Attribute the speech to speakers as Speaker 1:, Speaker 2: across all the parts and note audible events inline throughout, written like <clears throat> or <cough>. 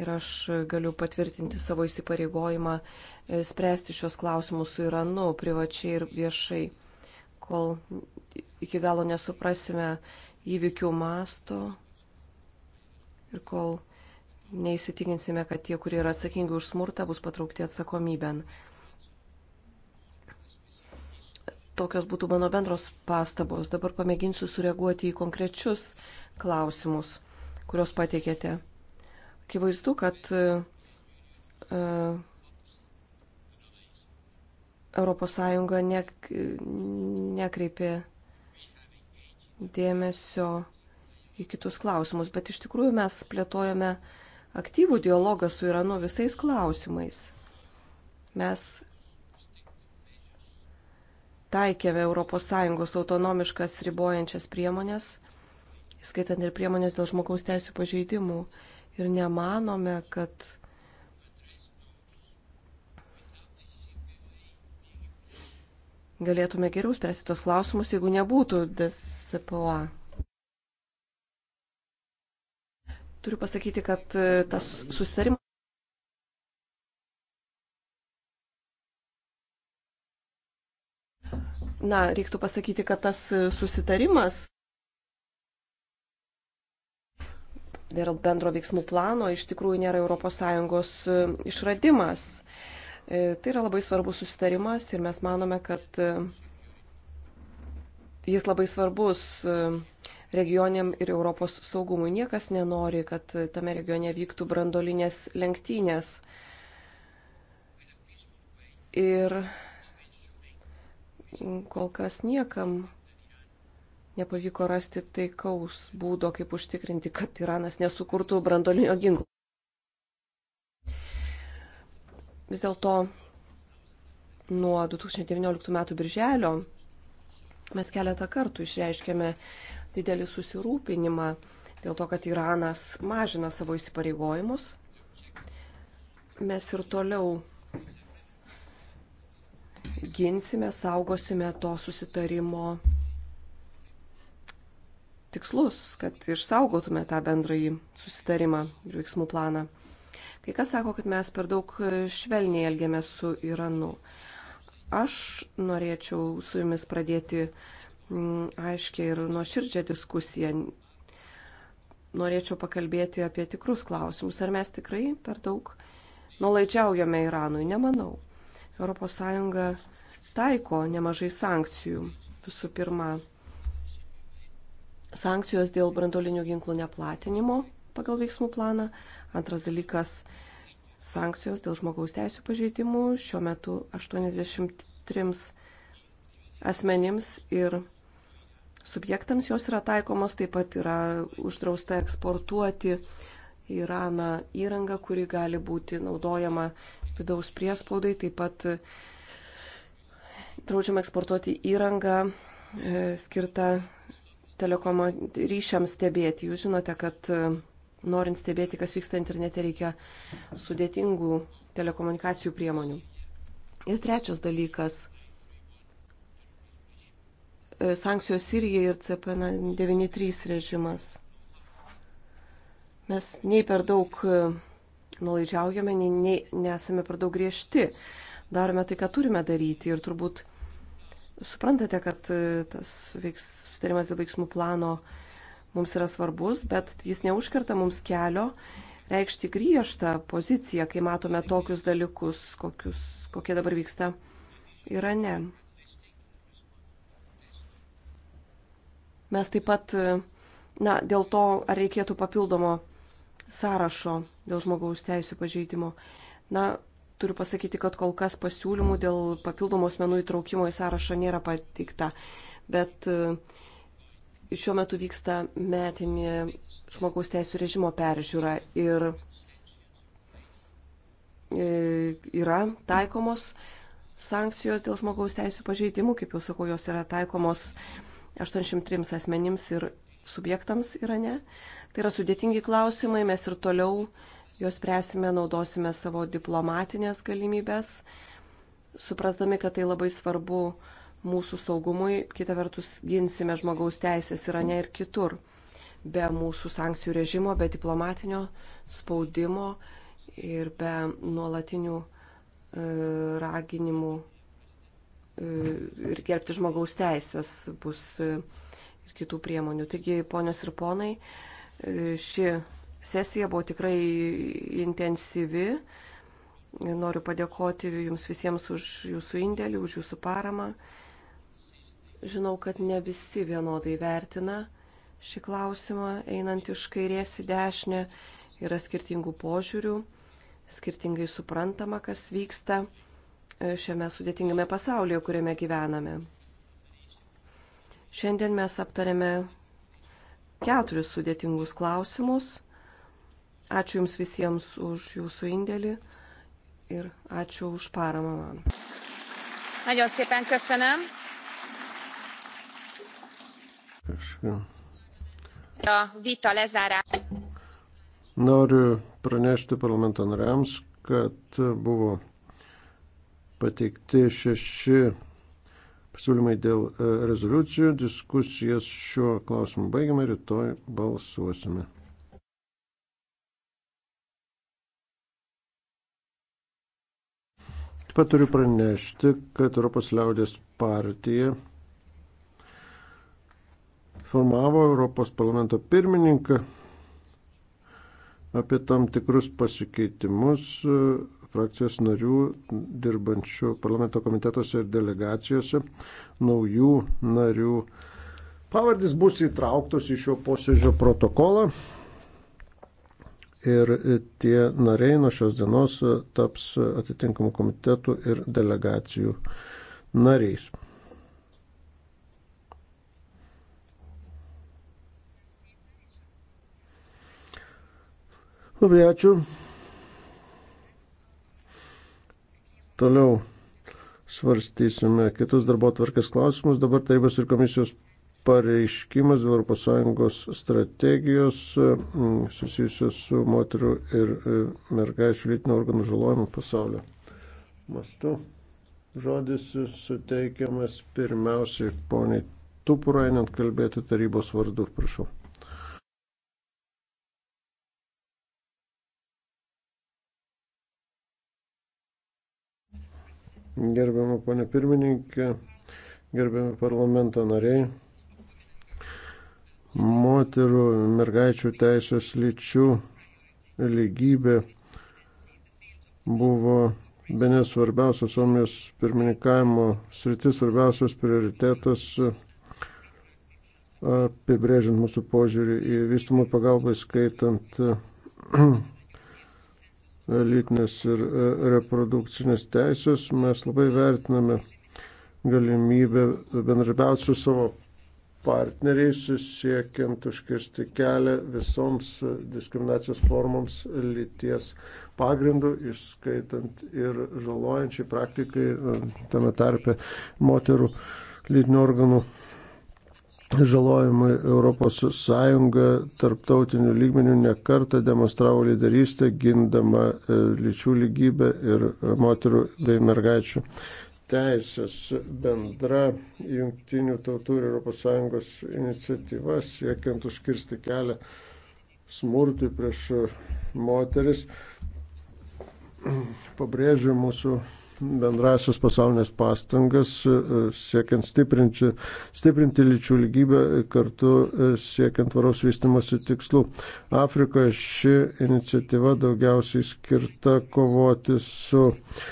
Speaker 1: Ir aš galiu patvirtinti savo įsipareigojimą e, spręsti šios klausimus su Iranu privačiai ir viešai, kol iki galo nesuprasime įvykių masto ir kol neįsitikinsime, kad tie, kurie yra atsakingi už smurtą, bus patraukti atsakomybėn. Tokios būtų mano bendros pastabos. Dabar pamėginsiu sureaguoti į konkrečius klausimus, kuriuos pateikėte. Akivaizdu, kad ES nekreipė dėmesio į kitus klausimus, bet iš tikrųjų mes plėtojame aktyvų dialogą su Iranu visais klausimais. Mes taikėme ES autonomiškas ribojančias priemonės, skaitant ir priemonės dėl žmogaus teisų pažeidimų ir nemanome, kad galėtume geriau spręsti tos klausimus, jeigu nebūtų DSPOA. Turiu pasakyti, kad e, tas susitarimas. Na, reiktų pasakyti, kad tas susitarimas dėl bendro veiksmų plano iš tikrųjų nėra ES e, išradimas. E, tai yra labai svarbus susitarimas ir mes manome, kad e, jis labai svarbus regioniam ir Europos saugumui. Niekas nenori, kad tame regione vyktų brandolinės lenktynės. Ir kol kas niekam nepavyko rasti taikaus būdo, kaip užtikrinti, kad Iranas nesukurtų brandolinio ginklo. Vis dėlto nuo 2019 m. birželio mes keletą kartų išreiškėme didelį susirūpinimą dėl to, kad Iranas mažina savo įsipareigojimus. Mes ir toliau ginsime, saugosime to susitarimo tikslus, kad išsaugotume tą bendrąjį susitarimą ir veiksmų planą. Kai kas sako, kad mes per daug švelniai elgiamės su Iranu. Aš norėčiau su jumis pradėti mm, aiškiai ir nuoširdžią diskusiją. Norėčiau pakalbėti apie tikrus klausimus. Ar mes tikrai per daug nuolaidžiaujame Iranui? Nemanau. ES taiko nemažai sankcijų. Visų pirma, sankcijos dėl brandolinių ginklų neplatinimo pagal veiksmų planą. Antras dalykas - sankcijos dėl žmogaus teisų pažeidimų. Šiuo metu 83 asmenims ir subjektams jos yra taikomos. Taip pat yra uždrausta eksportuoti Iraną įrangą, kuri gali būti naudojama vidaus priespaudai. Taip pat draudžiama eksportuoti įrangą e, skirtą telekomo ryšiams stebėti. Jūs žinote, kad e, norint stebėti, kas vyksta internete, reikia sudėtingų telekomunikacijų priemonių. Ir trečias dalykas e, - sankcijos Sirijai ir CP93 režimas. Mes nei per daug e, nulaidžiaujame, nei, nei nesame per daug griežti. Darome tai, ką turime daryti ir turbūt suprantate, kad e, tas veiks, sutarimas dėl veiksmų plano mums yra svarbus, bet jis neužkerta mums kelio reikšti griežtą poziciją, kai matome tokius dalykus, kokius, kokie dabar vyksta Irane. Mes taip pat, e, na, dėl to, ar reikėtų papildomo sąrašo dėl žmogaus teisų pažeidimo. Na, Turiu pasakyti, kad kol kas pasiūlymų dėl papildomų asmenų įtraukimo į sąrašą nėra pateikta, bet e, šiuo metu vyksta metinė žmogaus teisų režimo peržiūra ir e, yra taikomos sankcijos dėl žmogaus teisų pažeidimų, kaip jau sakau, jos yra taikomos 803 asmenims ir subjektams Irane. Tai yra sudėtingi klausimai, mes ir toliau uh, juos presime, naudosime savo diplomatinės galimybės, suprasdami, kad tai labai svarbu mūsų saugumui, kita vertus ginsime žmogaus teisės Irane ir kitur. Be mūsų sankcijų režimo, be diplomatinio spaudimo ir be nuolatinių e, raginimų e, ir gerbti žmogaus teisės bus e, ir kitų priemonių. Taigi, ponios ir ponai, e, ši sesija buvo tikrai intensyvi. Noriu padėkoti Jums visiems už Jūsų indėlį, už Jūsų paramą. Žinau, kad ne visi vienodai vertina šį klausimą, einant iš kairės į dešinę, yra skirtingų požiūrių, skirtingai suprantama, kas vyksta e, šiame sudėtingame pasaulyje, kuriame gyvename. Šiandien mes aptarėme keturis sudėtingus klausimus Ačiū Jums visiems už Jūsų indėlį ir ačiū už paramą man.
Speaker 2: Nagyon szépen köszönöm.
Speaker 3: Köszönöm.
Speaker 1: A vita lezárá.
Speaker 3: Noriu pranešti parlamento nariams, kad buvo pateikti šeši pasiūlymai dėl e, rezoliucijų. Diskusijas šiuo klausimu baigiame, rytoj balsuosime. Taip pat turiu pranešti, kad Europos liaudės partija formavo Europos parlamento pirmininką apie tam tikrus pasikeitimus e, frakcijos narių dirbančių parlamento komitetuose ir delegacijose naujų narių. Pavardys bus įtrauktos į šio posėdžio protokolą ir tie nariai nuo šios dienos taps atitinkamų komitetų ir delegacijų nariais. Labai ačiū. Toliau svarstysime kitus darbo tvarkės klausimus. Dabar tarybos ir komisijos pareiškimas dėl ES strategijos mm, susijusios su moterų ir e, mergaičių lytinio organų žalojimu pasaulio mastu. Žodis suteikiamas pirmiausiai poniai Tupurainant kalbėti tarybos vardu, prašau. Gerbiamą ponę pirmininkę, gerbiami parlamento nariai moterų, mergaičių teisės lyčių lygybė buvo be nesvarbiausias Suomijos pirmininkavimo sritis, svarbiausias prioritetas apibrėžiant mūsų požiūrį į vystumų pagalbą, skaitant <clears throat> lytinės ir e, reprodukcinės teisės, mes labai vertiname galimybę bendrabiauti su savo partneriais siekiant užkirsti kelią visoms diskriminacijos formoms lyties pagrindų, išskaitant ir žalojančiai praktikai, e, tame tarpe moterų lytinių organų žalojimui Europos Sąjunga tarptautinių lygmenių nekartą demonstravo lyderystę, gindama e, lyčių lygybę ir moterų bei mergaičių teisės bendra jungtinių tautų ir ES iniciatyva siekiant užkirsti kelią smurtui prieš moteris pabrėžia mūsų bendrasios pasaulinės pastangas, e, siekiant stiprinti, stiprinti lyčių lygybę, kartu e, siekiant varaus vystimosi tikslų. Afrikoje ši iniciatyva daugiausiai skirta kovoti su uh,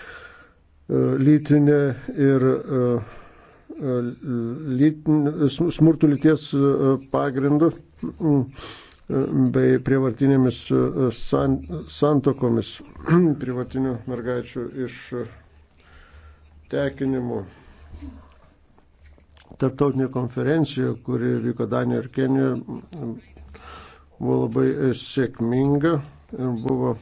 Speaker 3: E, lytinė ir e, e, lytin, smurtų lyties pagrindų bei prievartinėmis san, santokomis, <clears throat> prievartinių mergaičių iš tekinimu. Tarptautinė konferencija, kuri vyko Danijoje ir Kenijoje, buvo labai sėkminga ir buvo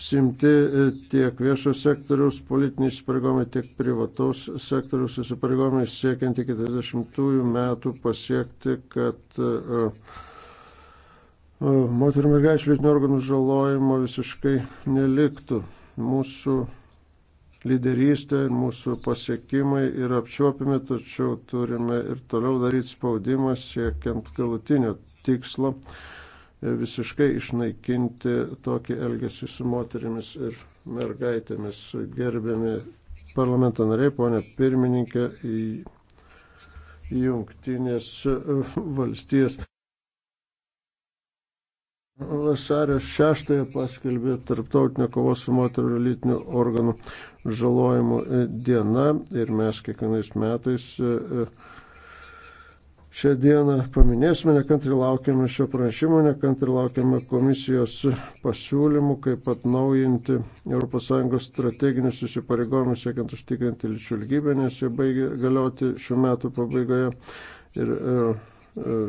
Speaker 3: apsimti e, tiek viešo sektoriaus politiniai įsipareigojimai, tiek privataus sektoriaus įsipareigojimai siekiant iki 30 metų pasiekti, kad e, e, moterų mergaičių lytinių organų žalojimo visiškai neliktų. Mūsų lyderystė ir mūsų pasiekimai yra apčiuopiami, tačiau turime ir toliau daryti spaudimą siekiant galutinio tikslo visiškai išnaikinti tokį elgesį su moterimis ir mergaitėmis. Gerbiami parlamento nariai, ponė pirmininkė, į jungtinės valstijas. Vasario 6-ąją paskelbė Tarptautinio kovos su moterų lytinių organų žalojimo diena ir mes kiekvienais metais uh, Šią dieną paminėsime, nekantri laukiame šio pranešimo, nekantri laukiame komisijos pasiūlymų, kaip atnaujinti ES strateginius įsipareigojimus, siekiant užtikrinti lyčių lygybę, nes jie baigia galioti šių metų pabaigoje. Ir, e, e,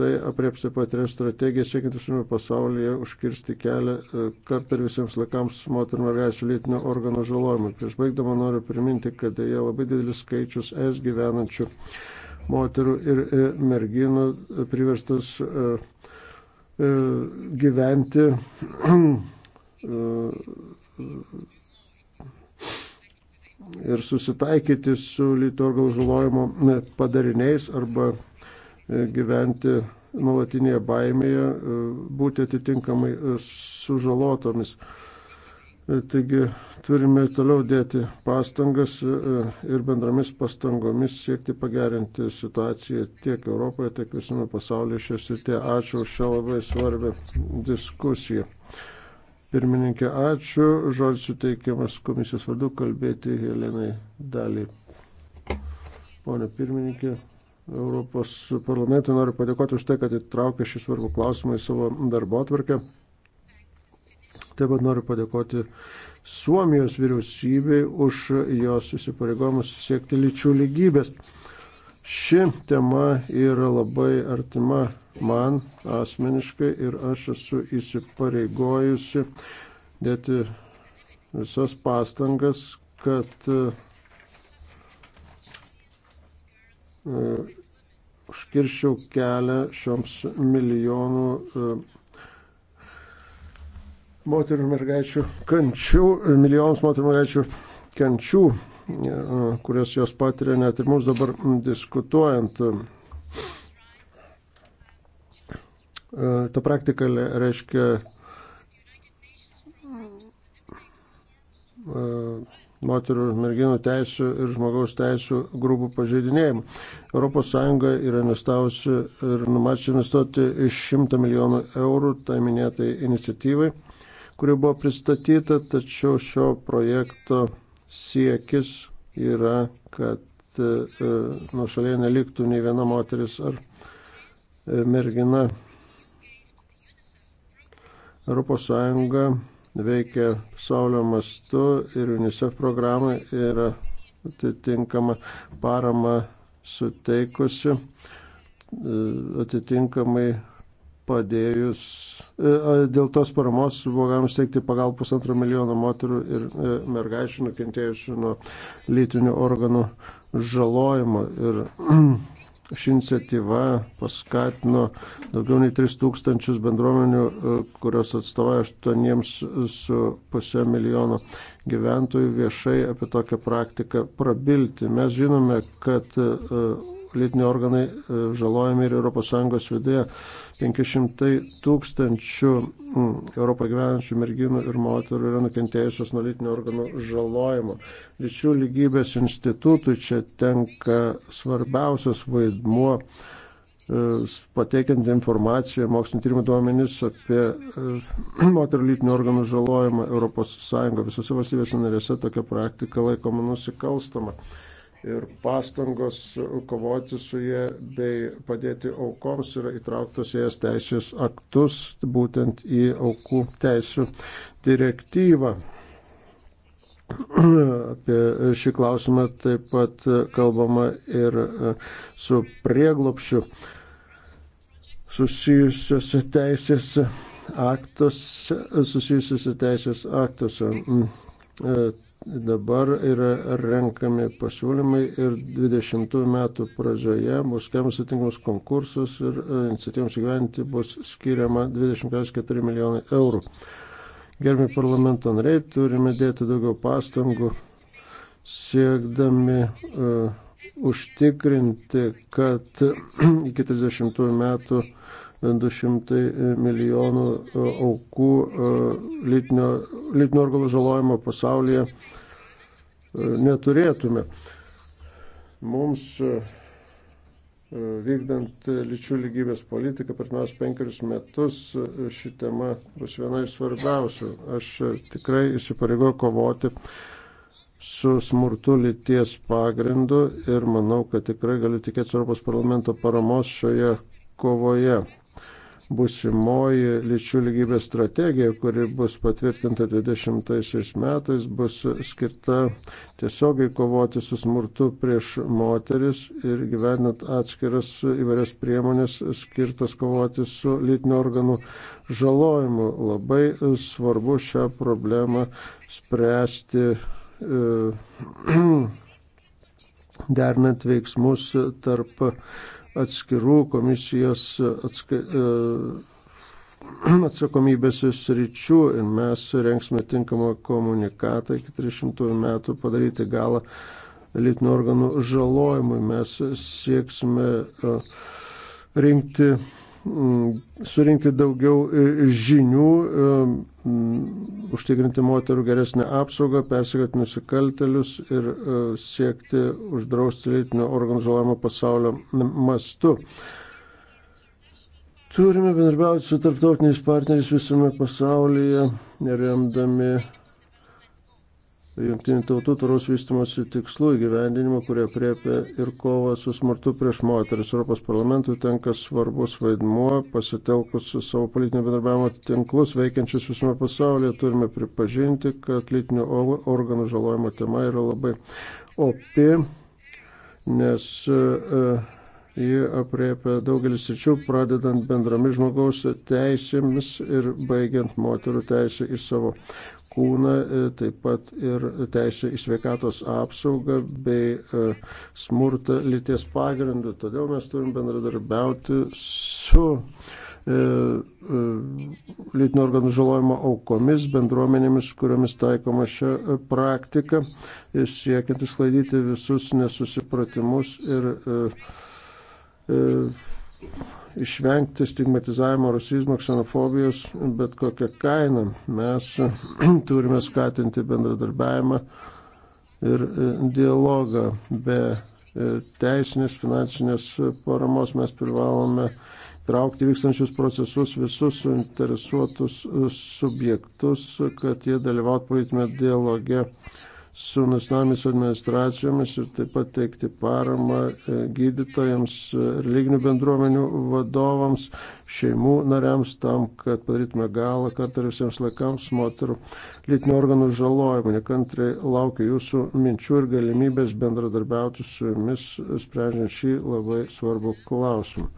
Speaker 3: tai apriepsi patiria strategiją siekiant visame pasaulyje užkirsti kelią e, kartą ir visiems laikams moterų mergaičių lytinio organo žalojimui. Prieš baigdama noriu priminti, kad jie labai didelis skaičius es gyvenančių moterų ir e, merginų priverstas e, e, gyventi ir susitaikyti su lytorgal žalojimo padariniais arba gyventi nuolatinėje baimėje, būti atitinkamai sužalotomis. E, taigi turime toliau dėti pastangas e, ir bendromis pastangomis siekti pagerinti situaciją tiek Europoje, tiek visame pasaulyje šios ir tie. Ačiū už šią labai svarbią diskusiją. Pirmininkė, ačiū. Žodis suteikiamas komisijos vardu kalbėti Helenai dalį. Pone pirmininkė, Europos parlamentui noriu padėkoti už tai, kad įtraukė šį svarbų klausimą į savo darbo atvarkę. Taip pat noriu padėkoti Suomijos vyriausybei už jos įsipareigojimus siekti lyčių lygybės. Ši tema yra labai artima man asmeniškai ir aš esu įsipareigojusi dėti visas pastangas, kad e, užkirščiau kelią šioms milijonų e, moterų ir mergaičių kančių, milijonams moterų ir mergaičių kančių, e, kurias jos patiria net ir mums dabar diskutuojant. E, ta praktika reiškia e, moterų ir merginų teisų ir žmogaus teisų grūbų pažeidinėjimų. ES yra investavusi ir numačiusi investuoti 100 milijonų eurų tai minėtai iniciatyvai kuri buvo pristatyta, tačiau šio projekto siekis yra, kad e, e, nuo šalia neliktų nei viena moteris ar e, mergina. ES veikia pasaulio mastu ir UNICEF programai yra atitinkama parama suteikusi atitinkamai padėjus, e, dėl tos paramos buvo galima steigti pagal pusantro milijono moterų ir e, mergaičių nukentėjusių nuo lytinių organų žalojimo. Ir <clears throat> ši iniciatyva paskatino daugiau nei 3000 bendruomenių, e, kurios atstovauja 8,5 milijono gyventojų viešai apie tokią praktiką prabilti. Mes žinome, kad lytiniai organai e, žalojami ir ES viduje. 500 tūkstančių mm, Europoje gyvenančių merginų ir moterų yra nukentėjusios nuo lytinių organų žalojimo. Lyčių lygybės institutui čia tenka svarbiausias vaidmuo e, pateikiant informaciją, mokslinio tyrimo duomenys apie e, <clears throat> moterų lytinių organų žalojimą ES. Visose valstybėse narėse tokia praktika laikoma nusikalstama ir pastangos kovoti su jie bei padėti aukoms yra įtrauktos į jas teisės aktus, būtent į aukų teisų direktyvą. <clears throat> Apie šį klausimą taip pat kalbama ir e, su prieglopšiu susijusiuose teisės aktuose. Susijusiuose teisės aktuose mm, e, Dabar yra renkami pasiūlymai ir 20 metų pradžioje bus skiriamas atitinkamus konkursus ir e, iniciatyvams įgyventi bus skiriama 20,4 milijonai eurų. Gerbimi parlamento nariai, turime dėti daugiau pastangų siekdami uh, užtikrinti, kad <clears throat> iki 30 metų uh, 200 milijonų e, aukų e, lytinio, lytinio organų žalojimo pasaulyje e, neturėtume. Mums vykdant lyčių lygybės politiką per mes penkerius metus ši tema bus viena iš svarbiausių. Aš tikrai įsipareigoju kovoti su smurtu lyties pagrindu ir manau, kad tikrai galiu tikėtis Europos parlamento paramos šioje kovoje busimoji lyčių lygybės strategija, kuri bus patvirtinta 20 metais, bus skirta tiesiogiai kovoti su smurtu prieš moteris ir gyvenant atskiras įvairias priemonės skirtas kovoti su lytinių organų žalojimu. Labai svarbu šią problemą spręsti. E, <clears throat> dernant veiksmus tarp atskirų komisijos atska, e, <clears throat> atsakomybės sričių ir mes surenksime tinkamą komunikatą iki 300 metų padaryti galą lytinių organų žalojimui. Mes sieksime e, rinkti Mm, surinkti daugiau e, žinių, e, mm, užtikrinti moterų geresnę apsaugą, persigoti nusikaltelius ir e, siekti uždrausti lytinio organizuojamo pasaulio mastu. Turime bendrabiauti su tarptautiniais partneriais visame pasaulyje, remdami Junktinių tautų tvaraus vystimosi tikslų įgyvendinimo, kurie priepia ir kovą su smurtu prieš moteris. Europos parlamentui tenka svarbus vaidmuo, pasitelkus savo politinio bedarbiavimo tinklus veikiančius visame pasaulyje, turime pripažinti, kad lytinių organų žalojimo tema yra labai opi, nes uh, Ji apriepia daugelis sričių, pradedant bendromis žmogaus teisėmis ir baigiant moterų teisę į savo kūną, e, taip pat ir teisę į sveikatos apsaugą bei e, smurtą lyties pagrindų. Todėl mes turim bendradarbiauti su e, lytinio organų žalojimo aukomis, bendruomenėmis, kuriomis taikoma šią praktiką, siekiant išsklaidyti visus nesusipratimus ir uh, E, išvengti stigmatizavimo, rasizmo, ksenofobijos, bet kokią kainą. Mes <clears throat> turime skatinti bendradarbiavimą ir e, dialogą. Be e, teisinės, finansinės paramos mes privalome traukti vykstančius procesus visus suinteresuotus subjektus, kad jie dalyvautų politinėme dialoge su nacionalinėmis administracijomis ir taip pat teikti paramą e, gydytojams, e, religinių bendruomenių vadovams, šeimų nariams tam, kad padarytume galą kartą visiems laikams moterų lytinių organų žalojimą. Nekantrai laukiu jūsų minčių ir galimybės bendradarbiauti su jumis, sprendžiant šį labai svarbų klausimą.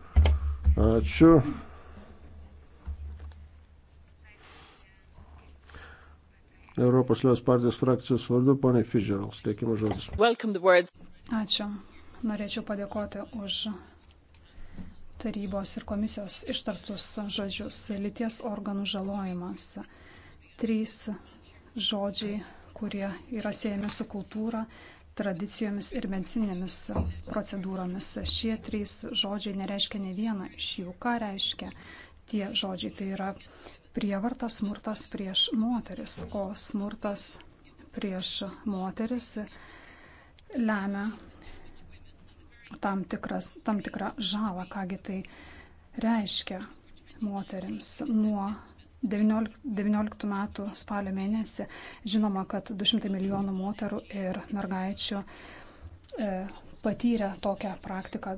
Speaker 3: Ačiū. Europos Liaus partijos frakcijos vardu, ponė Fidžerals, teikimo žodis.
Speaker 2: Ačiū. Norėčiau padėkoti už tarybos ir komisijos ištartus žodžius - lyties organų žalojimas. Trys žodžiai, kurie yra siejami su kultūra, tradicijomis ir medicinėmis procedūromis. Šie trys žodžiai nereiškia ne vieną iš jų. Ką reiškia tie žodžiai? Tai yra prievarta smurtas prieš moteris, o smurtas prieš moteris lemia tam, tikras, tam tikrą žalą, kągi tai reiškia moteriams nuo 19 metų spalio mėnesį. Žinoma, kad 200 milijonų moterų ir mergaičių e, patyrė tokią praktiką.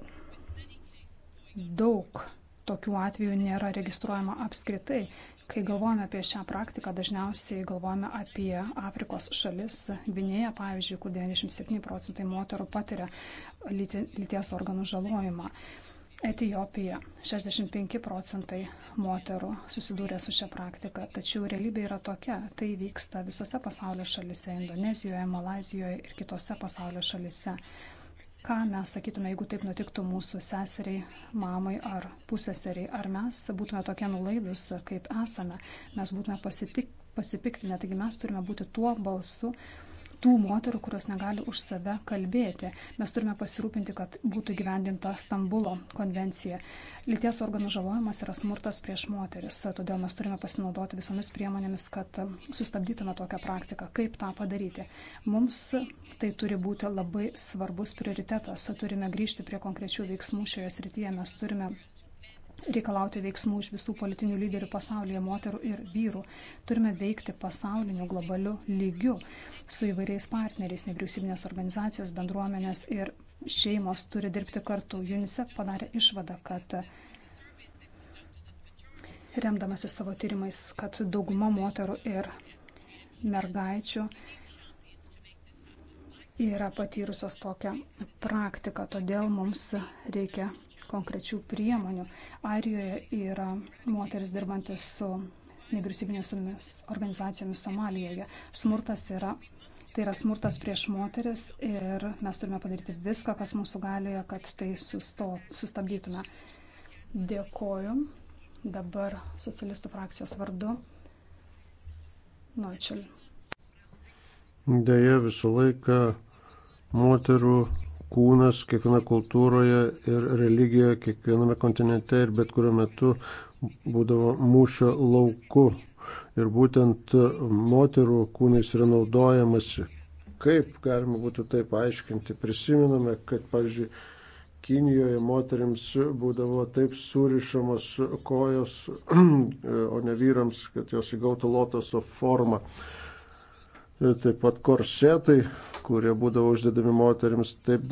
Speaker 2: Daug tokių atvejų nėra registruojama apskritai. Kai galvojame apie šią praktiką, dažniausiai galvojame apie Afrikos šalis. Gvinėje, pavyzdžiui, kur 97 procentai moterų patiria lyties organų žalojimą. Etijopija 65 procentai moterų susidūrė su šia praktika, tačiau realybė yra tokia. Tai vyksta visose pasaulio šalise - Indonezijoje, Malazijoje ir kitose pasaulio šalise. Ką mes sakytume, jeigu taip nutiktų mūsų seseriai, mamai ar puseseriai? Ar mes būtume tokie nulaidus, kaip esame? Mes būtume pasitik, pasipiktinę, taigi mes turime būti tuo balsu, tų moterų, kurios negali už save kalbėti. Mes turime pasirūpinti, kad būtų gyvendinta Stambulo konvencija. Lyties organų žalojimas yra smurtas prieš moteris, todėl mes turime pasinaudoti visomis priemonėmis, kad sustabdytume tokią praktiką. Kaip tą padaryti? Mums tai turi būti labai svarbus prioritetas. Turime grįžti prie konkrečių veiksmų šioje srityje. Mes turime reikalauti veiksmų iš visų politinių lyderių pasaulyje, moterų ir vyrų. Turime veikti pasauliniu globaliu lygiu su įvairiais partneriais, nevyriausybinės organizacijos, bendruomenės ir šeimos turi dirbti kartu. UNICEF padarė išvadą, kad remdamasi savo tyrimais, kad dauguma moterų ir mergaičių yra patyrusios tokią praktiką, todėl mums reikia konkrečių priemonių. Airijoje yra moteris dirbantis su nevyriausybinėmis organizacijomis Somalijoje. Smurtas yra, tai yra smurtas prieš moteris ir mes turime padaryti viską, kas mūsų galioje, kad tai susto, sustabdytume. Dėkoju. Dabar socialistų frakcijos vardu Noičel.
Speaker 3: Deja, visą laiką moterų kūnas kiekviena kultūroje ir religijoje, kiekviename kontinente ir bet kuriuo metu būdavo mūšio lauku. Ir būtent moterų kūnais yra naudojamasi. Kaip galima būtų taip aiškinti? Prisimename, kad, pavyzdžiui, Kinijoje moteriams būdavo taip surišamos kojos, <clears throat> o ne vyrams, kad jos įgautų lotoso formą taip pat korsetai, kurie būdavo uždedami moteriams, taip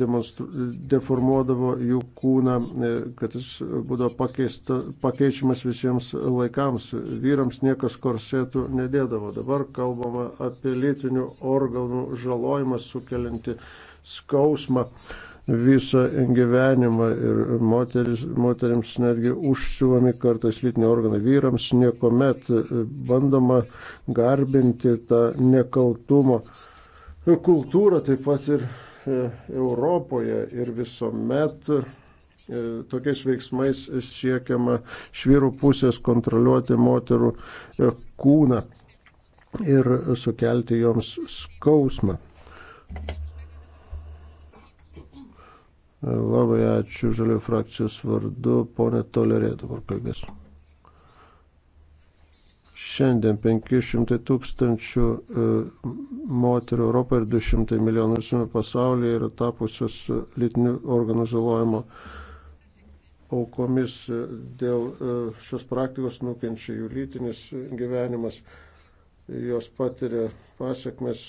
Speaker 3: deformuodavo jų kūną, e, kad jis būdavo pakeista, pakeičiamas visiems laikams. Vyrams niekas korsetų nedėdavo. Dabar kalbama apie lytinių organų žalojimą sukelinti skausmą visą gyvenimą ir moteris, moteriams netgi užsiuvami kartais lytiniai organai vyrams, niekuomet bandoma garbinti tą nekaltumo kultūrą taip pat ir e, Europoje ir visuomet e, tokiais veiksmais siekiama iš vyrų pusės kontroliuoti moterų e, kūną ir sukelti joms skausmą. Labai ačiū Žalių frakcijos vardu, ponė Tolerė dabar kalbės. Šiandien 500 tūkstančių e, moterų Europoje ir 200 milijonų visame pasaulyje yra tapusios e, lytinių organų žalojimo aukomis. E, dėl šios praktikos nukenčia jų lytinis gyvenimas, jos patiria pasiekmes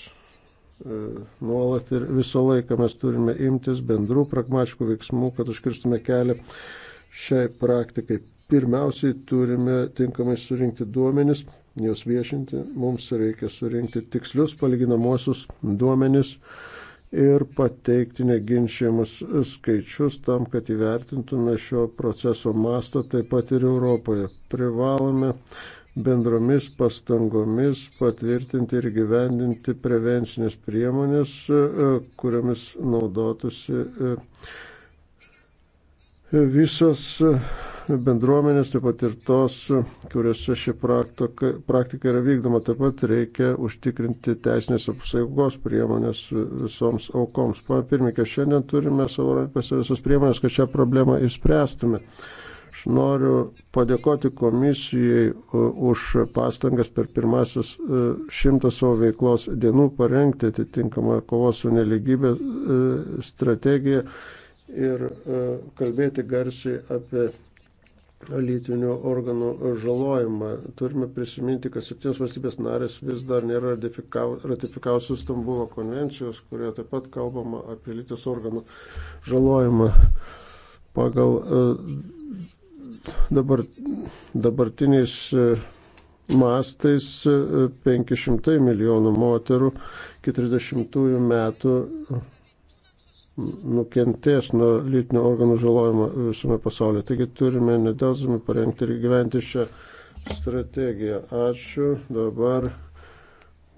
Speaker 3: nuolat ir visą laiką mes turime imtis bendrų pragmatiškų veiksmų, kad užkirstume kelią šiai praktikai. Pirmiausiai turime tinkamai surinkti duomenis, juos viešinti, mums reikia surinkti tikslius palyginamosius duomenis ir pateikti neginčiamus skaičius tam, kad įvertintume šio proceso mastą taip pat ir Europoje. Privalome bendromis pastangomis patvirtinti ir gyvendinti prevencinės priemonės, e, e, kuriamis naudotųsi e, visos bendruomenės, taip pat ir tos, kuriuose ši praktika, praktika yra vykdoma, taip pat reikia užtikrinti teisinės apsaugos priemonės visoms aukoms. Pana pirmininkė, šiandien turime savo rankose visas priemonės, kad šią problemą išspręstume. Aš noriu padėkoti komisijai e, už pastangas per pirmasis e, šimtą savo veiklos dienų parengti atitinkamą kovos su neligybė e, strategiją ir kalbėti garsiai apie lytinių organų žalojimą. Turime prisiminti, kad septynios valstybės narės vis dar nėra ratifikavusios Stambulo konvencijos, kurioje taip pat kalbama apie lytis organų žalojimą. Pagal dabar, dabartiniais e, mastais 500 e, milijonų moterų iki 30 metų nukentės nuo lytinių organų žalojimo visame pasaulyje. Taigi turime nedelsami parengti ir gyventi šią strategiją. Ačiū. Dabar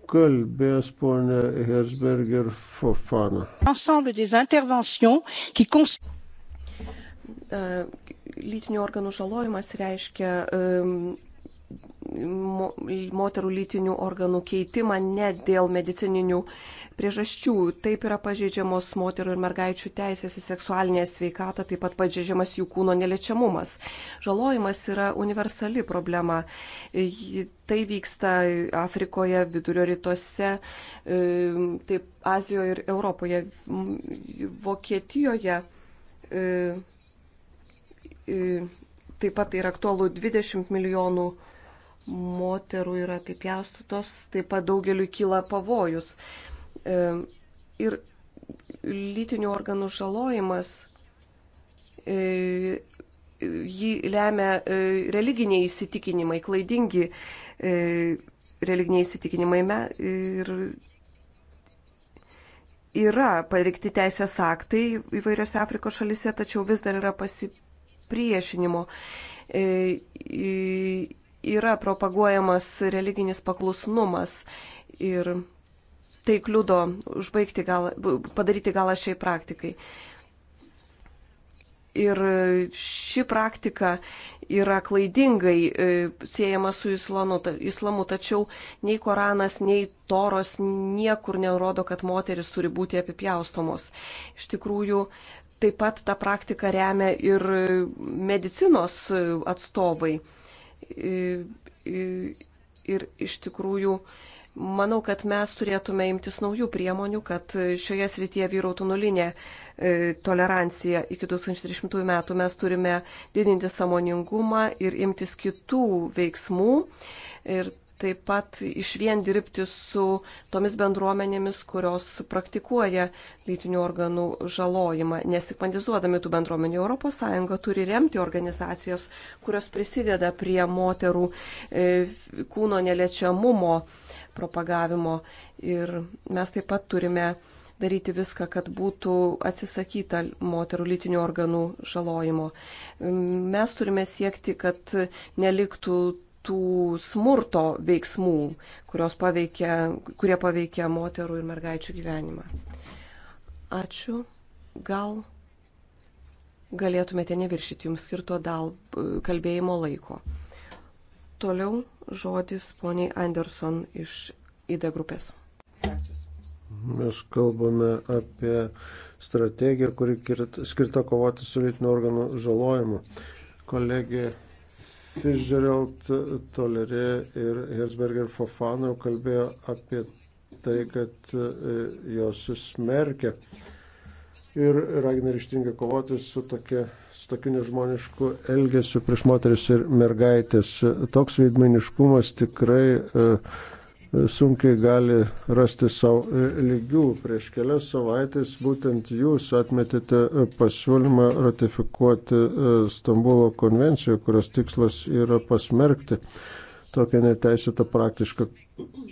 Speaker 3: kalbės ponė Herzberger Fofana.
Speaker 1: Ensemble des interventions qui consistent euh, lytinių organų žalojimas reiškia moterų lytinių organų keitimą ne dėl medicininių priežasčių. Taip yra pažeidžiamos moterų ir mergaičių teisės į seksualinę sveikatą, taip pat pažeidžiamas jų kūno neliečiamumas. Žalojimas yra universali problema. Tai vyksta Afrikoje, Vidurio rytuose, taip Azijoje ir Europoje. Vokietijoje Taip pat tai yra aktualu 20 milijonų moterų yra apipjaustytos, taip pat daugeliu kyla pavojus. E, ir lytinių organų žalojimas e, jį lemia e, religiniai įsitikinimai, klaidingi religiniai įsitikinimai ir yra pareikti teisės aktai įvairiose Afrikos šalise, tačiau vis dar yra pasipilti priešinimo. E, yra propaguojamas religinis paklusnumas ir tai kliudo užbaigti gal, padaryti galą šiai praktikai. Ir ši praktika yra klaidingai e, siejama su islamu, islamu, tačiau nei Koranas, nei Toros niekur nerodo, kad moteris turi būti apipjaustomos. Iš tikrųjų, Taip pat tą praktiką remia ir medicinos atstovai. Ir iš tikrųjų, manau, kad mes turėtume imtis naujų priemonių, kad šioje srityje vyrautų nulinė e, tolerancija iki 2030 metų. Mes turime didinti samoningumą ir imtis kitų veiksmų. Ir taip pat iš vien dirbti su tomis bendruomenėmis, kurios praktikuoja lytinių organų žalojimą, nestigmatizuodami tų bendruomenių. ES turi remti organizacijas, kurios prisideda prie moterų e, kūno neliečiamumo propagavimo. Ir mes taip pat turime daryti viską, kad būtų atsisakyta moterų lytinių organų žalojimo. Mes turime siekti, kad neliktų tų smurto veiksmų, paveikia, kurie paveikia moterų ir mergaičių gyvenimą. Ačiū. Gal galėtumėte neviršyti jums skirto dal kalbėjimo laiko. Toliau žodis poniai Anderson iš ID grupės.
Speaker 3: Mes kalbame apie strategiją, kuri skirta kovoti su lytiniu organų žalojimu. Kolegė Fitzgerald Tolerė ir Herzberger Fofana kalbėjo apie tai, kad e, jos smerkia ir ragina ryštingai kovoti su, tokia, su tokiu nežmonišku elgesiu prieš moteris ir mergaitės. Toks veidmainiškumas tikrai uh, sunkiai gali rasti savo e, lygių. Prieš kelias savaitės būtent jūs atmetėte e, pasiūlymą ratifikuoti e, Stambulo konvenciją, kurios tikslas yra pasmerkti tokią neteisėtą praktišką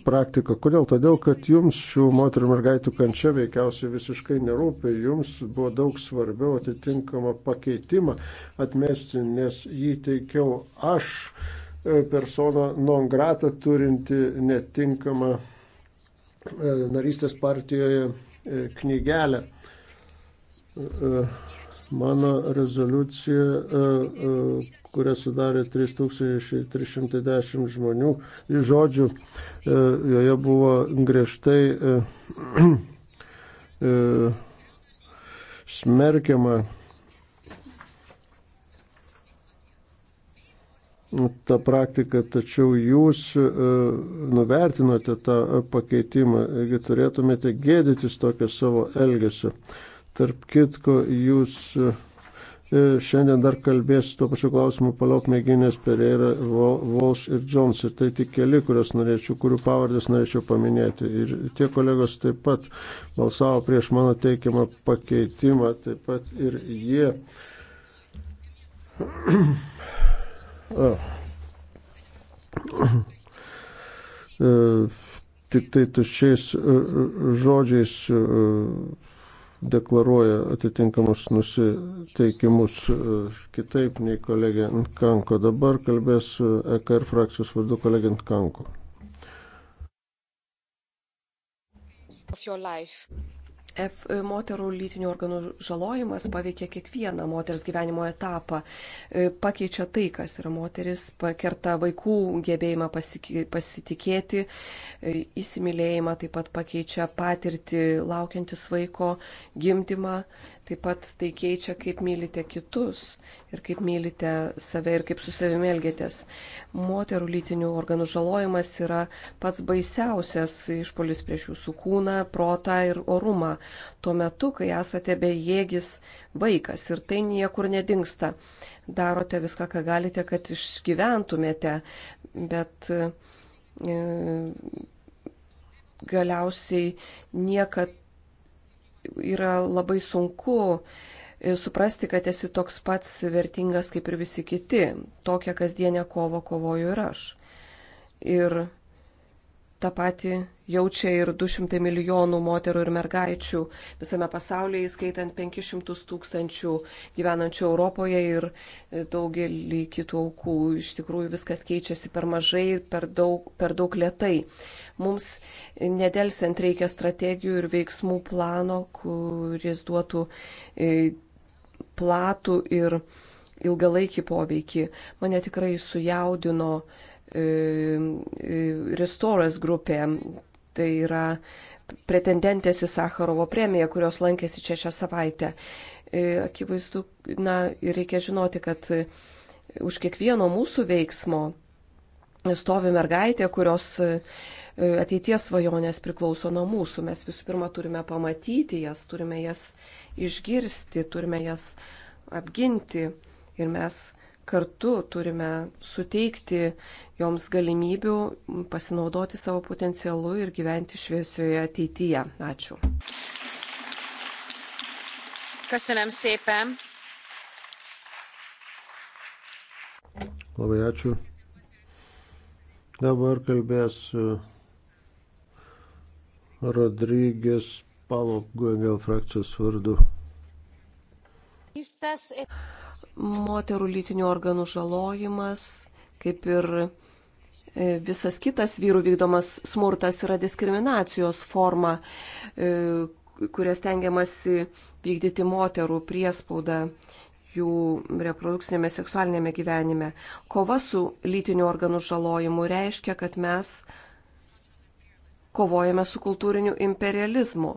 Speaker 3: praktiką. Kodėl? Todėl, kad jums šių moterų mergaitų kančia veikiausiai visiškai nerūpi, jums buvo daug svarbiau atitinkamą pakeitimą atmesti, nes jį teikiau aš persona non grata turinti netinkamą e, narystės partijoje e, knygelę. E, mano rezoliucija, kurią sudarė 3310 žmonių, žodžių, joje buvo griežtai <clears throat> smerkiama tą praktiką, tačiau jūs e, nuvertinote tą pakeitimą, jeigu turėtumėte gėdytis tokio savo elgesio. Tarp kitko, jūs e, šiandien dar kalbės tuo pačiu klausimu Paliok Mėginės, Pereira, Walsh ir Jones. Ir tai tik keli, kuriuos norėčiau, kurių pavardės norėčiau paminėti. Ir tie kolegos taip pat balsavo prieš mano teikiamą pakeitimą, taip pat ir jie. <clears throat> tik tai tuščiais žodžiais deklaruoja atitinkamus nusiteikimus kitaip nei kolegė Kanko. Dabar kalbės EKR frakcijos vardu kolegė Kanko.
Speaker 1: F e, moterų lytinių organų žalojimas paveikia kiekvieną moters gyvenimo etapą, e, pakeičia tai, kas yra moteris, pakerta vaikų gebėjimą pasitikėti, e, įsimylėjimą, taip pat pakeičia patirtį laukiantis vaiko gimdymą Taip pat tai keičia, kaip mylite kitus ir kaip mylite save ir kaip su savimi elgėtės. Moterų lytinių organų žalojimas yra pats baisiausias išpolis prieš jūsų kūną, protą ir orumą. Tuo metu, kai esate bejėgis vaikas ir tai niekur nedingsta. Darote viską, ką galite, kad išgyventumėte, bet. E, galiausiai niekad yra labai sunku e, suprasti, kad esi toks pats vertingas kaip ir visi kiti. Tokią kasdienę kovą kovoju ir aš. Ir tą patį jaučia ir 200 milijonų moterų ir mergaičių visame pasaulyje, įskaitant 500 tūkstančių gyvenančių Europoje ir e, daugelį kitų aukų. Iš tikrųjų viskas keičiasi per mažai, per daug, per daug lietai. Mums nedelsiant reikia strategijų ir veiksmų plano, kuris duotų e, platų ir ilgalaikį poveikį. Mane tikrai sujaudino e, Restoras grupė, tai yra pretendentės į Sakarovo premiją, kurios lankėsi čia šią savaitę. E, akivaizdu, na, reikia žinoti, kad už kiekvieno mūsų veiksmo stovi mergaitė, kurios e, ateities svajonės priklauso nuo mūsų. Mes visų pirma turime pamatyti jas, turime jas išgirsti, turime jas apginti ir mes kartu turime suteikti joms galimybių pasinaudoti savo potencialu ir gyventi šviesioje ateityje. Ačiū.
Speaker 2: Köszönöm szépen!
Speaker 3: Labai ačiū. Dabar kalbės uh, Rodrygės Palo Guengel frakcijos vardu.
Speaker 1: Moterų lytinių organų žalojimas, kaip ir e, visas kitas vyrų vykdomas smurtas, yra diskriminacijos forma, e, kurias tengiamasi vykdyti moterų priespaudą jų reprodukcinėme seksualinėme gyvenime. Kova su lytiniu organų žalojimu reiškia, kad mes kovojame su kultūriniu imperializmu.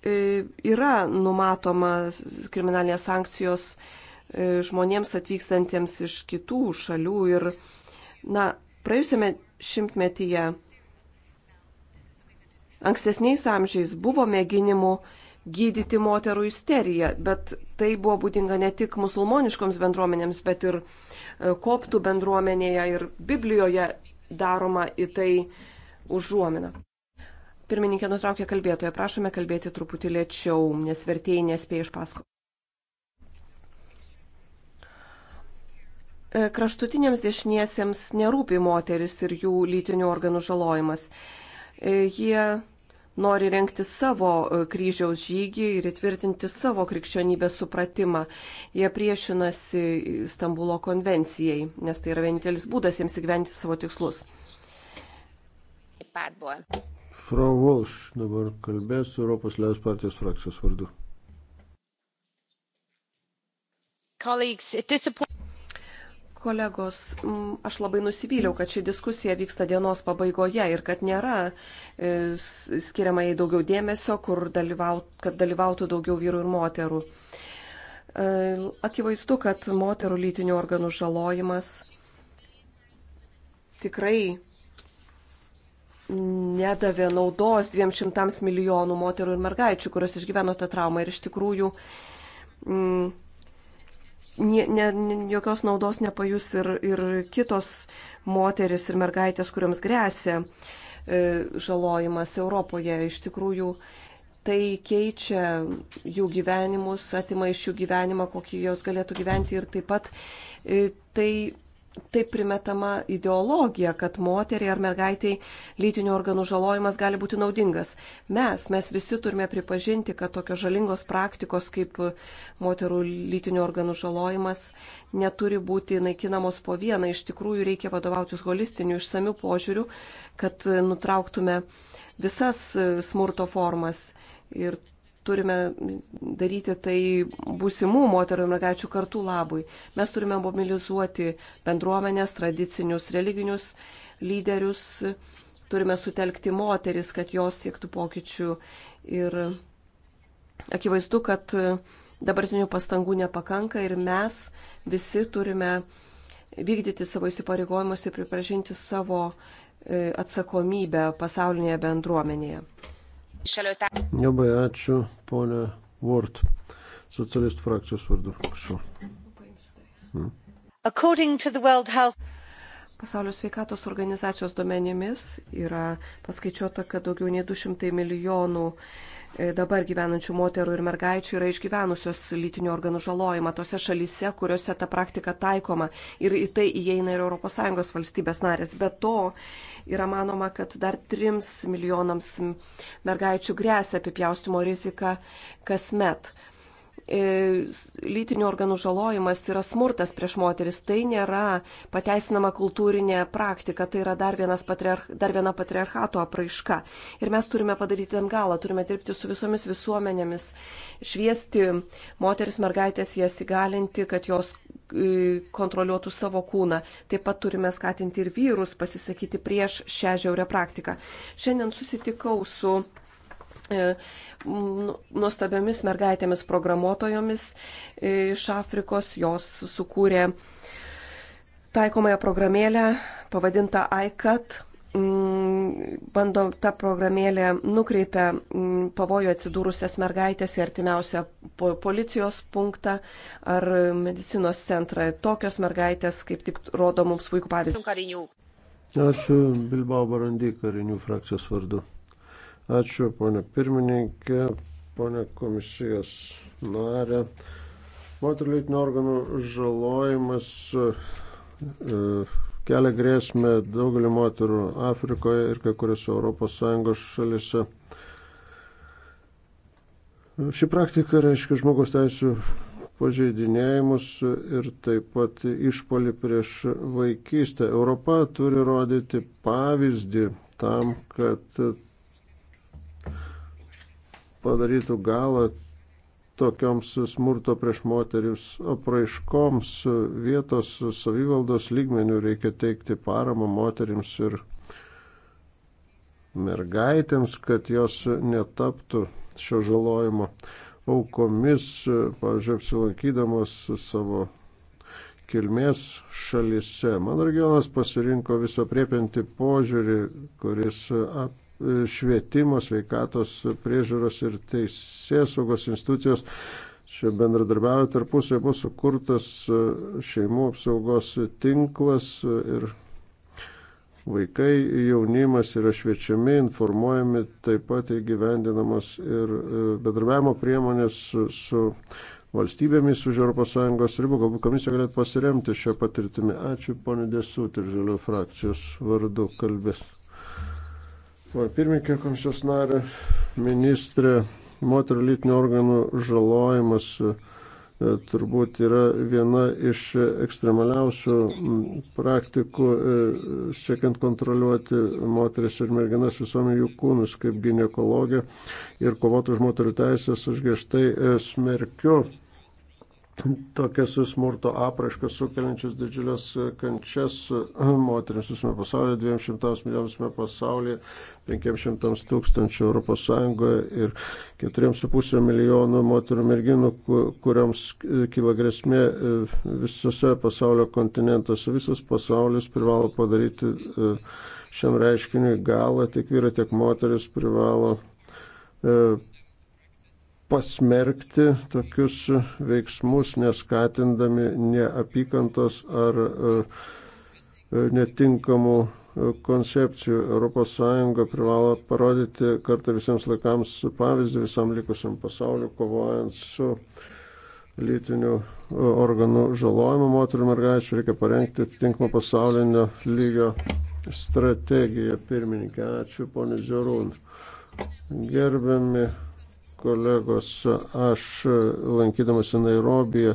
Speaker 1: E, yra numatoma kriminalinės sankcijos e, žmonėms atvykstantiems iš kitų šalių. Ir, na, praėjusiame šimtmetyje, ankstesniais amžiais buvo mėginimų gydyti moterų isteriją, bet tai buvo būdinga ne tik musulmoniškoms bendruomenėms, bet ir e, koptų bendruomenėje ir Biblijoje daroma į tai užuomina. Pirmininkė nutraukė kalbėtoją. Prašome kalbėti truputį lėčiau, nes vertėjai nespėja iš paskos. E, kraštutiniams dešiniesiems nerūpi moteris ir jų lytinių organų žalojimas. E, jie nori renkti savo e, kryžiaus žygį ir įtvirtinti savo krikščionybės supratimą. Jie priešinasi Stambulo konvencijai, nes tai yra vienintelis būdas jiems įgyventi savo tikslus.
Speaker 3: Frau Walsh dabar kalbės Europos Liaudės partijos frakcijos vardu.
Speaker 1: Kolegos, aš labai nusivyliau, kad ši diskusija vyksta dienos pabaigoje ir kad nėra e, skiriama jai daugiau dėmesio, dalyvaut, kad dalyvautų daugiau vyrų ir moterų. E, akivaizdu, kad moterų lytinių organų žalojimas tikrai nedavė naudos 200 milijonų moterų ir mergaičių, kurios išgyveno tą traumą. Ir iš tikrųjų m, mm, ne, ne, jokios naudos nepajus ir, ir kitos moteris ir mergaitės, kuriams grėsia e, žalojimas Europoje. Iš tikrųjų tai keičia jų gyvenimus, atima iš jų gyvenimą, kokį jos galėtų gyventi ir taip pat e, tai taip primetama ideologija, kad moteriai ar mergaitiai lytinių organų žalojimas gali būti naudingas. Mes, mes visi turime pripažinti, kad tokios žalingos praktikos kaip moterų lytinių organų žalojimas neturi būti naikinamos po vieną. Iš tikrųjų reikia vadovautis holistiniu išsamiu požiūriu, kad nutrauktume visas smurto formas. Ir turime daryti tai būsimų moterų ir mergaičių kartų labui. Mes turime mobilizuoti bendruomenės, tradicinius, religinius lyderius, turime sutelkti moteris, kad jos siektų pokyčių. Ir akivaizdu, kad dabartinių pastangų nepakanka ir mes visi turime vykdyti savo įsipareigojimus ir pripažinti savo e, atsakomybę pasaulinėje bendruomenėje.
Speaker 3: Labai ačiū, ponė Ward, socialistų frakcijos vardu. Prašau. Hmm.
Speaker 1: Pasaulio sveikatos organizacijos duomenimis yra paskaičiuota, kad daugiau nei 200 milijonų uh, E, dabar gyvenančių moterų ir mergaičių yra išgyvenusios lytinių organų žalojimą tose šalyse, kuriuose ta praktika taikoma. Ir į tai įeina ir ES valstybės narės. Be to yra manoma, kad dar 3 milijonams mergaičių grėsia apipjaustimo rizika kasmet. E, lytinių organų žalojimas yra smurtas prieš moteris. Tai nėra pateisinama kultūrinė praktika, tai yra dar, patriarch, dar viena patriarchato apraiška. Ir mes turime padaryti tam galą, turime dirbti su visomis visuomenėmis, šviesti moteris, mergaitės, jas įgalinti, kad jos e, kontroliuotų savo kūną. Taip pat turime skatinti ir vyrus pasisakyti prieš šią žiaurę praktiką. Šiandien susitikau su E, nuostabiamis mergaitėmis programuotojomis iš Afrikos. Jos sukūrė taikomąją programėlę pavadintą iCat. Mm, bando tą programėlę nukreipia mm, pavojo atsidūrusias mergaitės į artimiausią policijos punktą ar medicinos centrą. Tokios mergaitės kaip tik rodo mums puikų pavyzdį.
Speaker 3: Ačiū Bilbao Barandy karinių frakcijos vardu. Ačiū, ponė pirmininkė, ponė komisijos narė. Moterų lytinių organų žalojimas e, kelia grėsmę daugelį moterų Afrikoje ir kai kuriuose ES šalise. Ši praktika reiškia žmogaus teisų pažeidinėjimus ir taip pat išpolį prieš vaikystę. Europa turi rodyti pavyzdį tam, kad padarytų galą tokioms smurto prieš moteris apraiškoms vietos savivaldos lygmenių reikia teikti paramą moteriams ir mergaitėms, kad jos netaptų šio žalojimo aukomis, pavyzdžiui, apsilankydamas savo kilmės šalise. Man regionas pasirinko viso priepinti požiūrį, kuris švietimo, sveikatos priežiūros ir teisėsaugos institucijos čia bendradarbiauja tarpusai, bus sukurtas e, šeimų apsaugos tinklas ir vaikai, jaunimas yra šviečiami, informuojami, taip pat įgyvendinamos ir e, bendradarbiavimo priemonės su, su valstybėmis už ES ribų, galbūt komisija galėtų pasiremti šią patirtimį. Ačiū, ponė Desut ir Žalių frakcijos vardu kalbės. Pirmininkė, komisijos narė, ministrė, moterų lytinių organų žalojimas e, turbūt yra viena iš ekstremaliausių praktikų, e, siekiant kontroliuoti moteris ir merginas visuomenį jų kūnus kaip gynekologė ir kovotų už moterų teisės, aš griežtai e, smerkiu tokias smurto apraškas sukeliančias didžiulės kančias moteriams visame pasaulyje, 200 milijonams visame pasaulyje, 500 tūkstančių Europos Sąjungoje ir 4,5 milijonų moterų merginų, kuriams kyla grėsmė e, visose pasaulio kontinentuose. Visas pasaulis privalo padaryti e, šiam reiškiniui galą, tiek vyrai, tiek moteris privalo e, pasmerkti tokius veiksmus, neskatindami neapykantos ar e, netinkamų e, koncepcijų. ES privalo parodyti kartą visiems laikams pavyzdį visam likusiam pasauliu, kovojant su lytinių e, organų žalojimu moterų mergaičių. Reikia parengti atitinkamą pasaulinio lygio strategiją. Pirmininkė, ačiū, ponė Žiūrūn. Gerbiami kolegos, aš lankydamasi Nairobije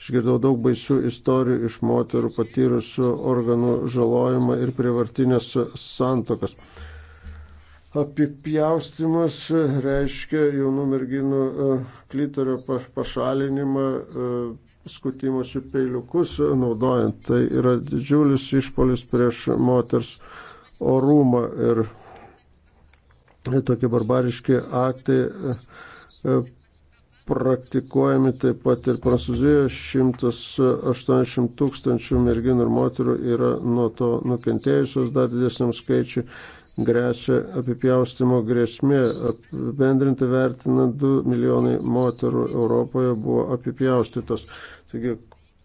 Speaker 3: išgirdau daug baisių istorijų iš moterų patyrusių organų žalojimą ir prievartinės santokas. Apipjaustimas reiškia jaunų merginų e, klitorio pašalinimą, e, skutimosi peiliukus naudojant. Tai yra didžiulis išpolis prieš moters orumą ir tokie barbariški aktai e, e, praktikuojami taip pat ir Prancūzijoje 180 tūkstančių merginų ir moterų yra nuo to nukentėjusios, dar didesniam skaičiui grėsia apipjaustimo grėsmė. Bendrinti vertinant 2 milijonai moterų Europoje buvo apipjaustytos. Taigi,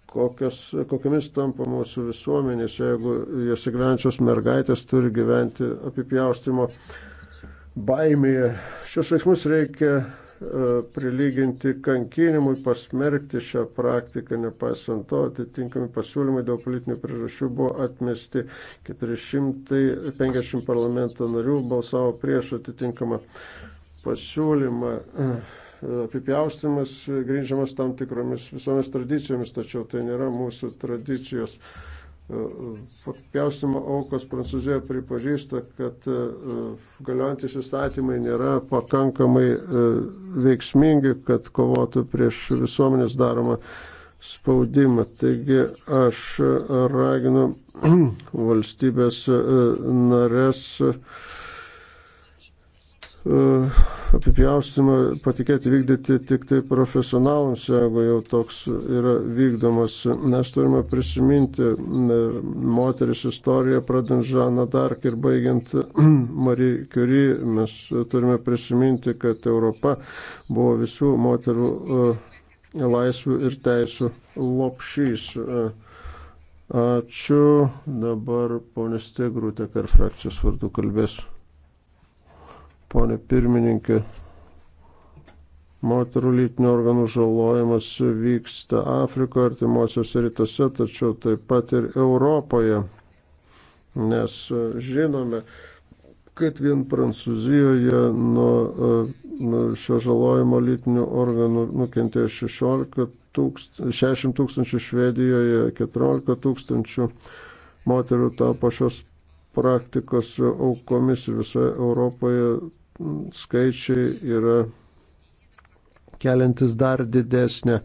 Speaker 3: kokios, kokiamis tampa mūsų visuomenės, jeigu jose gyvenčios mergaitės turi gyventi apipjaustimo grėsmė baimėje. Šios veiksmus reikia e, prilyginti kankinimui, pasmerkti šią praktiką, nepaisant to, atitinkami pasiūlymai dėl politinių priežasčių buvo atmesti. 450 parlamento narių balsavo prieš atitinkamą pasiūlymą. E, Apipjaustimas grindžiamas tam tikromis visomis tradicijomis, tačiau tai nėra mūsų tradicijos. Pjaustimo aukos Prancūzijoje pripažįsta, kad e, galiojantis įstatymai nėra pakankamai e, veiksmingi, kad kovotų prieš visuomenės daromą spaudimą. Taigi aš raginu <clears throat> valstybės e, nares E, apipjaustimą patikėti vykdyti tik tai profesionalams, jeigu jau toks yra vykdomas. Mes turime prisiminti e, moteris istoriją, pradant Žaną Dark ir baigiant <clears throat> Marie Curie. Mes turime prisiminti, kad Europa buvo visų moterų e, laisvių ir teisų lopšys. Ačiū. Dabar ponė Stegrutė, kar frakcijos vardu kalbėsiu ponė pirmininkė. Moterų lytinių organų žalojimas vyksta Afrikoje, artimuosiuose rytuose, tačiau taip pat ir Europoje. Nes e, žinome, kad vien Prancūzijoje nuo, e, nuo šio žalojimo lytinių organų nukentėjo 16 tūkst, 60 tūkstančių, Švedijoje 14 tūkstančių moterų tapo šios praktikos aukomis ir visoje Europoje skaičiai yra keliantis dar didesnę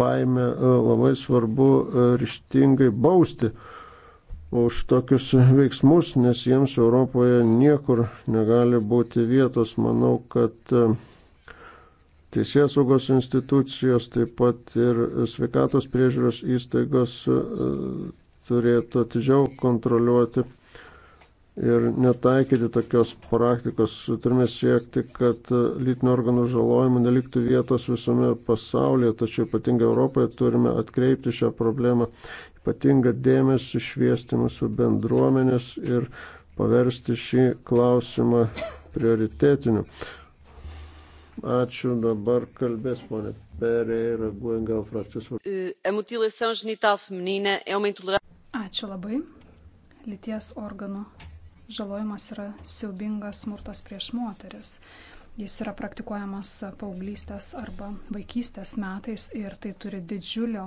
Speaker 3: baimę. E, labai svarbu e, ryštingai bausti už tokius veiksmus, nes jiems Europoje niekur negali būti vietos. Manau, kad e, Teisės saugos institucijos, taip pat ir sveikatos priežiūros įstaigos turėtų atidžiau kontroliuoti ir netaikyti tokios praktikos. Turime siekti, kad lytinių organų žalojimų neliktų vietos visame pasaulyje, tačiau ypatingai Europoje turime atkreipti šią problemą ypatingą dėmesį, šviesti mūsų bendruomenės ir paversti šį klausimą prioritetiniu. Ačiū, dabar kalbės ponė Pereira Guengal frakcijos vardu. E,
Speaker 2: Ačiū labai. Lyties organų žalojimas yra siaubingas smurtas prieš moteris. Jis yra praktikuojamas paauglystės arba vaikystės metais ir tai turi didžiulio,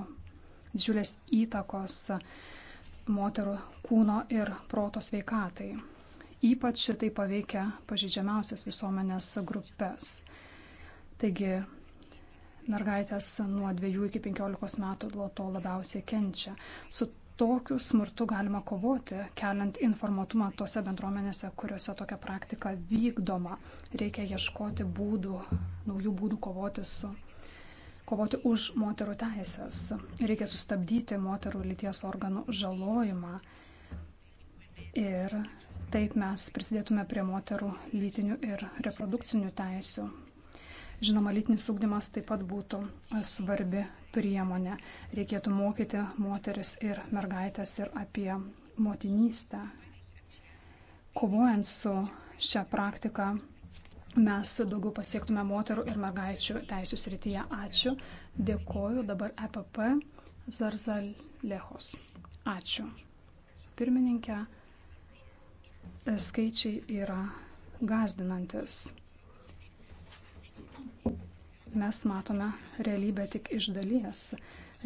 Speaker 2: didžiulės įtakos moterų kūno ir proto sveikatai. Ypač tai paveikia pažydžiamiausias visuomenės grupės. Taigi mergaitės nuo 2 iki 15 metų nuo to labiausiai kenčia. Su tokiu smurtu galima kovoti, keliant informatumą tose bendruomenėse, kuriuose tokia praktika vykdoma. Reikia ieškoti būdų, naujų būdų kovoti su. Kovoti už moterų teisės. Reikia sustabdyti moterų lyties organų žalojimą. Ir taip mes prisidėtume prie moterų lytinių ir reprodukcinių teisių. Žinoma, lytinis ūkdymas taip pat būtų e, svarbi priemonė. Reikėtų mokyti moteris ir mergaitės ir apie motinystę. Kovojant su šią praktiką mes daugiau pasiektume moterų ir mergaičių teisų srityje. Ačiū. Dėkoju. Dabar EPP Zarzal Lechos. Ačiū. Pirmininkė, e, skaičiai yra gazdinantis mes matome realybę tik iš dalies.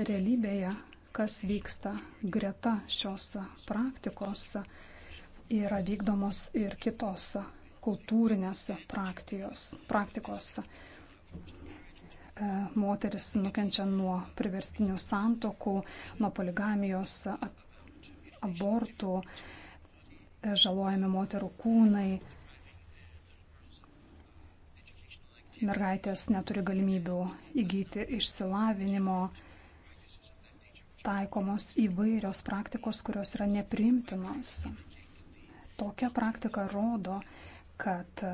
Speaker 2: Realybėje, kas vyksta greta šios praktikos, yra vykdomos ir kitos kultūrinės praktijos, praktikos. Moteris nukenčia nuo priverstinių santokų, nuo poligamijos, abortų, žalojami moterų kūnai, mergaitės neturi galimybių įgyti išsilavinimo, taikomos įvairios praktikos, kurios yra nepriimtinos. Tokia praktika rodo, kad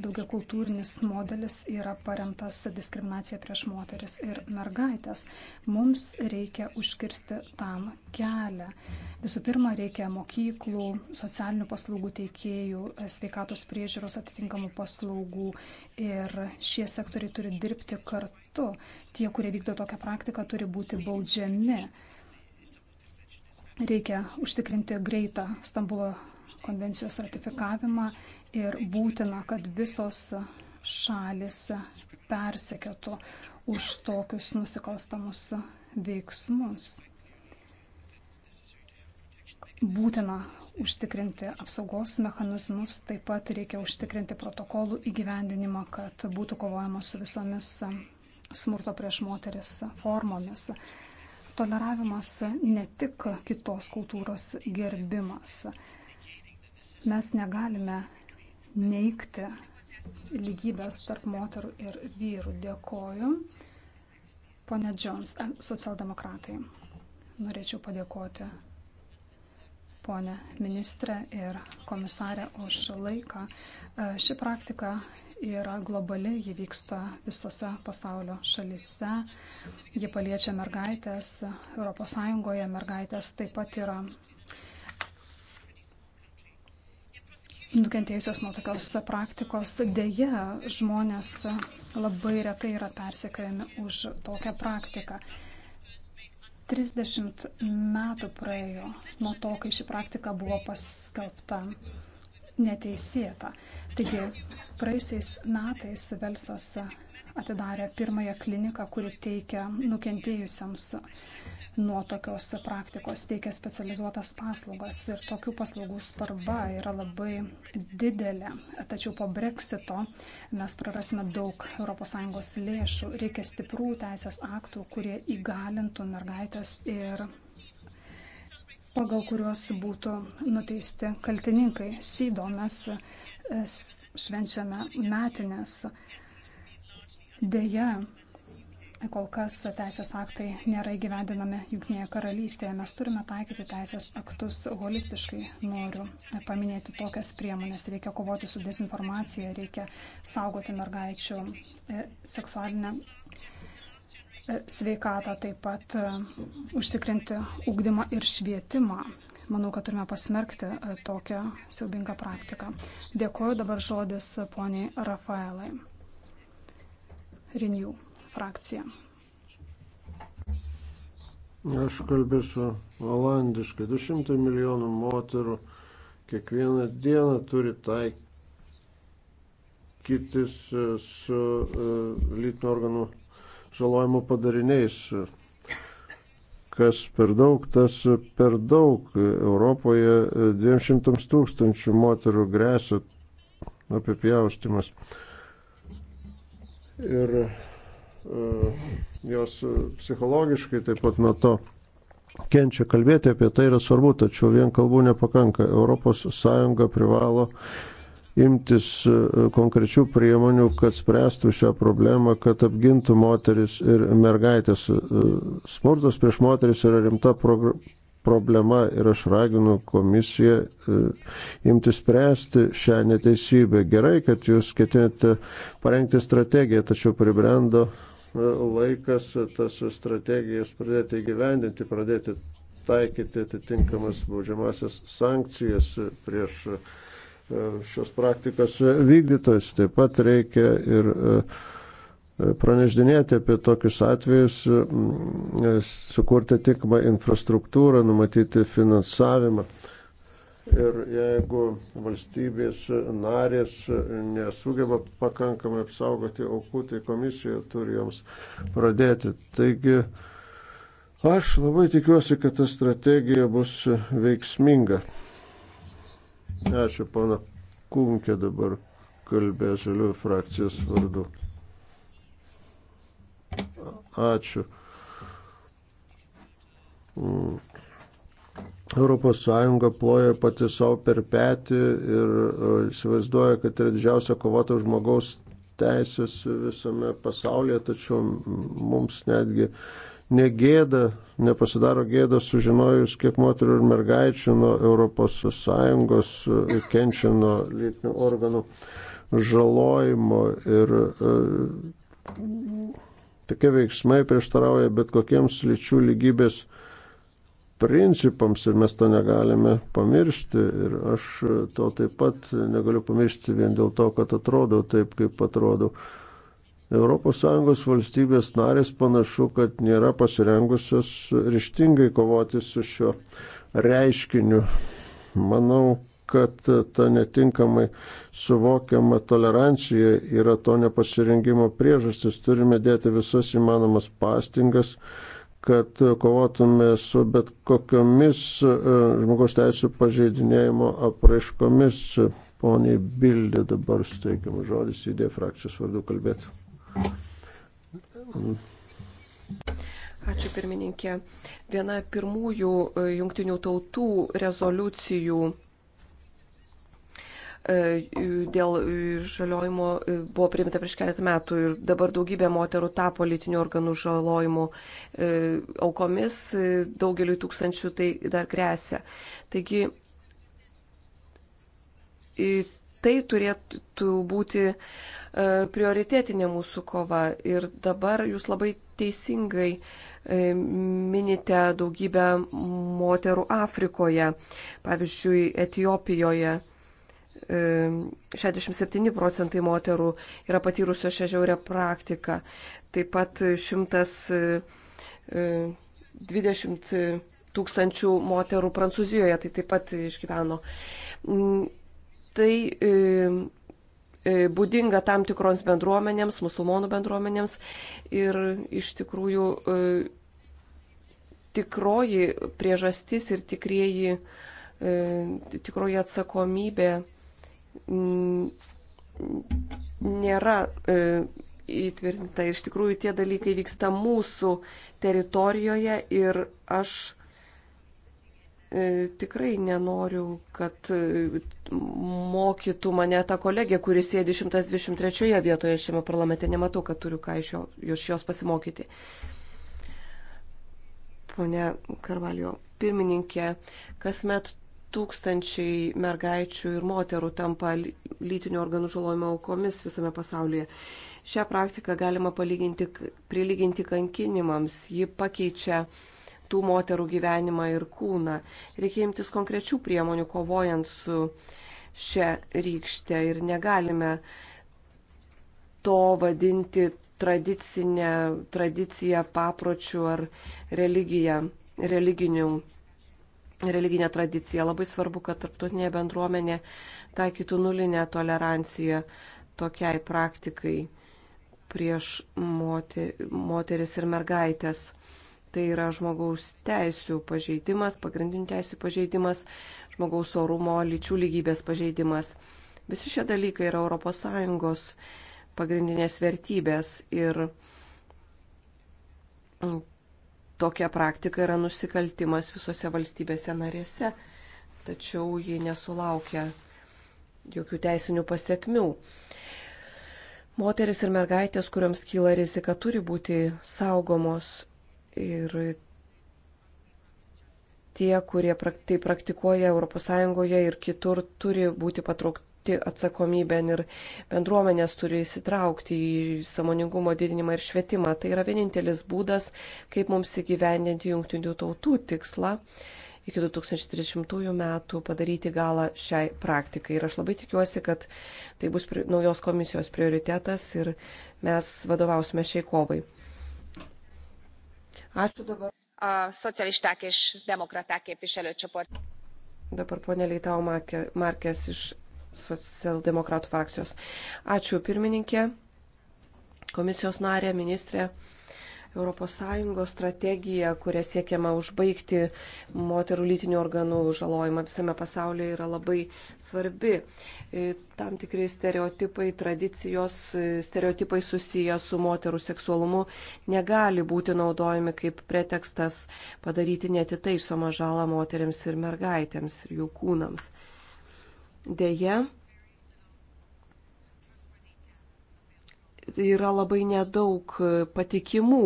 Speaker 2: daugia kultūrinis modelis yra paremtas diskriminacija prieš moteris ir mergaitės. Mums reikia užkirsti tam kelią. Visų pirma, reikia mokyklų, socialinių paslaugų teikėjų, sveikatos priežiūros atitinkamų paslaugų ir šie sektoriai turi dirbti kartu. Tie, kurie vykdo tokią praktiką, turi būti baudžiami. Reikia užtikrinti greitą Stambulo konvencijos ratifikavimą ir būtina, kad visos šalis persekėtų už tokius nusikalstamus veiksmus. Būtina užtikrinti apsaugos mechanizmus, taip pat reikia užtikrinti protokolų įgyvendinimą, kad būtų kovojama su visomis smurto prieš moteris formomis. Toleravimas ne tik kitos kultūros gerbimas. Mes negalime neikti lygybės tarp moterų ir vyrų. Dėkoju. Pone Jones, socialdemokratai, norėčiau padėkoti ponę ministrę ir komisarę už laiką. Ši praktika yra globali, ji vyksta visose pasaulio šalise, ji paliečia mergaitės, ES mergaitės taip pat yra nukentėjusios nuo tokios praktikos. Deja, žmonės labai retai yra persekojami už tokią praktiką. 30 metų praėjo nuo to, kai ši praktika buvo paskelbta neteisėta. Taigi, praėjusiais metais Velsas atidarė pirmąją kliniką, kuri teikia nukentėjusiems nuo tokios praktikos, teikia specializuotas paslaugas ir tokių paslaugų svarba yra labai didelė. Tačiau po breksito mes prarasime daug ES lėšų. Reikia stiprų teisės aktų, kurie įgalintų mergaitės ir pagal kuriuos būtų nuteisti kaltininkai. Sydo mes e, švenčiame metinės. Deja, kol kas teisės aktai nėra įgyvendinami Junktinėje karalystėje. Mes turime taikyti teisės aktus holistiškai. Noriu paminėti tokias priemonės. Reikia kovoti su dezinformacija, reikia saugoti mergaičių e, seksualinę e, sveikatą, taip pat e, užtikrinti ugdymą ir švietimą. Manau, kad turime pasmerkti tokią siaubingą praktiką. Dėkuoju dabar žodis poniai Rafaelai. Renew frakcija.
Speaker 3: Aš kalbėsiu olandiškai. 200 milijonų moterų kiekvieną dieną turi taikytis e, su e, lytinių organų žalojimo padariniais. Kas per daug, tas per daug. Europoje 200 e, tūkstančių moterų grėsia apipjaustimas. Ir E, jos psichologiškai taip pat nuo to kenčia kalbėti apie tai yra svarbu, tačiau vien kalbų nepakanka. ES privalo imtis e, konkrečių priemonių, kad spręstų šią problemą, kad apgintų moteris ir mergaitės. E, smurtas prieš moteris yra rimta problema ir aš raginu komisiją imti spręsti šią neteisybę. Gerai, kad jūs ketinate parengti strategiją, tačiau pribrendo laikas tas strategijas pradėti įgyvendinti, pradėti taikyti atitinkamas baudžiamasias sankcijas prieš e, šios praktikos vykdytojus. Taip pat reikia ir e, praneždinėti apie tokius atvejus, e, sukurti tikmą infrastruktūrą, numatyti finansavimą. Ir jeigu valstybės narės nesugeba pakankamai apsaugoti aukų, tai komisija turi joms pradėti. Taigi aš labai tikiuosi, kad ta strategija bus veiksminga. Ačiū, pana Kunkė dabar kalbė žaliųjų frakcijos vardu. Ačiū. Mm Europos Sąjunga ploja pati savo per petį ir e, įsivaizduoja, kad tai yra didžiausia kovota žmogaus teisės visame pasaulyje, tačiau mums netgi negėda, nepasidaro gėda sužinojus, kiek moterų ir mergaičių nuo Europos Sąjungos e, kenčia nuo lytinių organų žalojimo ir e, tokie veiksmai prieštarauja bet kokiems lyčių lygybės principams ir mes to negalime pamiršti. Ir aš to taip pat negaliu pamiršti vien dėl to, kad atrodau taip, kaip atrodau. ES valstybės narės panašu, kad nėra pasirengusios ryštingai kovoti su šiuo reiškiniu. Manau, kad ta netinkamai suvokiama tolerancija yra to nepasirengimo priežastis. Turime dėti visas įmanomas pastingas kad kovotume su bet kokiomis e, žmogaus teisų pažeidinėjimo apraiškomis. Poniai Bildė dabar suteikiam žodis įdė frakcijos vardu kalbėti.
Speaker 1: Ačiū pirmininkė. Viena pirmųjų e, jungtinių tautų rezoliucijų E, dėl žaliojimo e, buvo priimta prieš keletą metų ir dabar daugybė moterų tapo lytinių organų žalojimo e, aukomis, daugeliu tūkstančių tai dar grėsia. Taigi tai turėtų būti prioritetinė mūsų kova ir dabar jūs labai teisingai minite daugybę moterų Afrikoje, pavyzdžiui, Etijopijoje 67 procentai moterų yra patyrusios šią žiaurę praktiką. Taip pat 120 e, e, tūkstančių moterų Prancūzijoje tai taip pat išgyveno. Mm, tai e, būdinga tam tikroms bendruomenėms, musulmonų bendruomenėms ir iš tikrųjų tikroji priežastis ir tikrieji tikroji atsakomybė nėra e, įtvirtinta ir iš tikrųjų tie dalykai vyksta mūsų teritorijoje ir aš e, tikrai nenoriu, kad e, mokytų mane ta kolegė, kuri sėdi 123 vietoje šiame parlamente. Nematau, kad turiu ką iš, jo, iš jos pasimokyti. Pone Karvalio, pirmininkė, kasmet tūkstančiai mergaičių ir moterų tampa lytinių organų žalojimo aukomis visame pasaulyje. Šią praktiką galima prilyginti kankinimams. Ji pakeičia tų moterų gyvenimą ir kūną. Reikia imtis konkrečių priemonių kovojant su šia rykšte ir negalime to vadinti tradicinę, tradiciją, papročių ar religiją, religinių religinę tradiciją. Labai svarbu, kad tarptautinė bendruomenė taikytų nulinę toleranciją tokiai praktikai prieš moteris ir mergaitės. Tai yra žmogaus teisų pažeidimas, pagrindinių teisų pažeidimas, žmogaus orumo, lyčių lygybės pažeidimas. Visi šie dalykai yra ES pagrindinės vertybės ir tokia praktika yra nusikaltimas visose valstybėse narėse, tačiau ji nesulaukia jokių teisinių pasiekmių. Moteris ir mergaitės, kuriams kyla rizika, turi būti saugomos ir tie, kurie tai praktikuoja ES ir kitur, turi būti patrauk, prisijimti atsakomybę ir bendruomenės turi įsitraukti į samoningumo didinimą ir švietimą. Tai yra vienintelis būdas, kaip mums įgyvendinti jungtinių tautų tikslą iki 2030 metų padaryti galą šiai praktikai. Ir aš labai tikiuosi, kad tai bus naujos komisijos prioritetas ir mes vadovausime šiai kovai. Ačiū dabar. A szocialisták
Speaker 2: és demokraták képviselőcsoport.
Speaker 1: Dabar ponia Leitau Markės iš socialdemokratų frakcijos. Ačiū pirmininkė, komisijos narė, ministrė. ES strategija, kuria siekiama užbaigti moterų lytinių organų žalojimą visame pasaulyje, yra labai svarbi. E, tam tikri stereotipai, tradicijos, e, stereotipai susiję su moterų seksualumu negali būti naudojami kaip pretekstas padaryti netitaisomą žalą moteriams ir mergaitėms ir jų kūnams. Deja, yra labai nedaug patikimų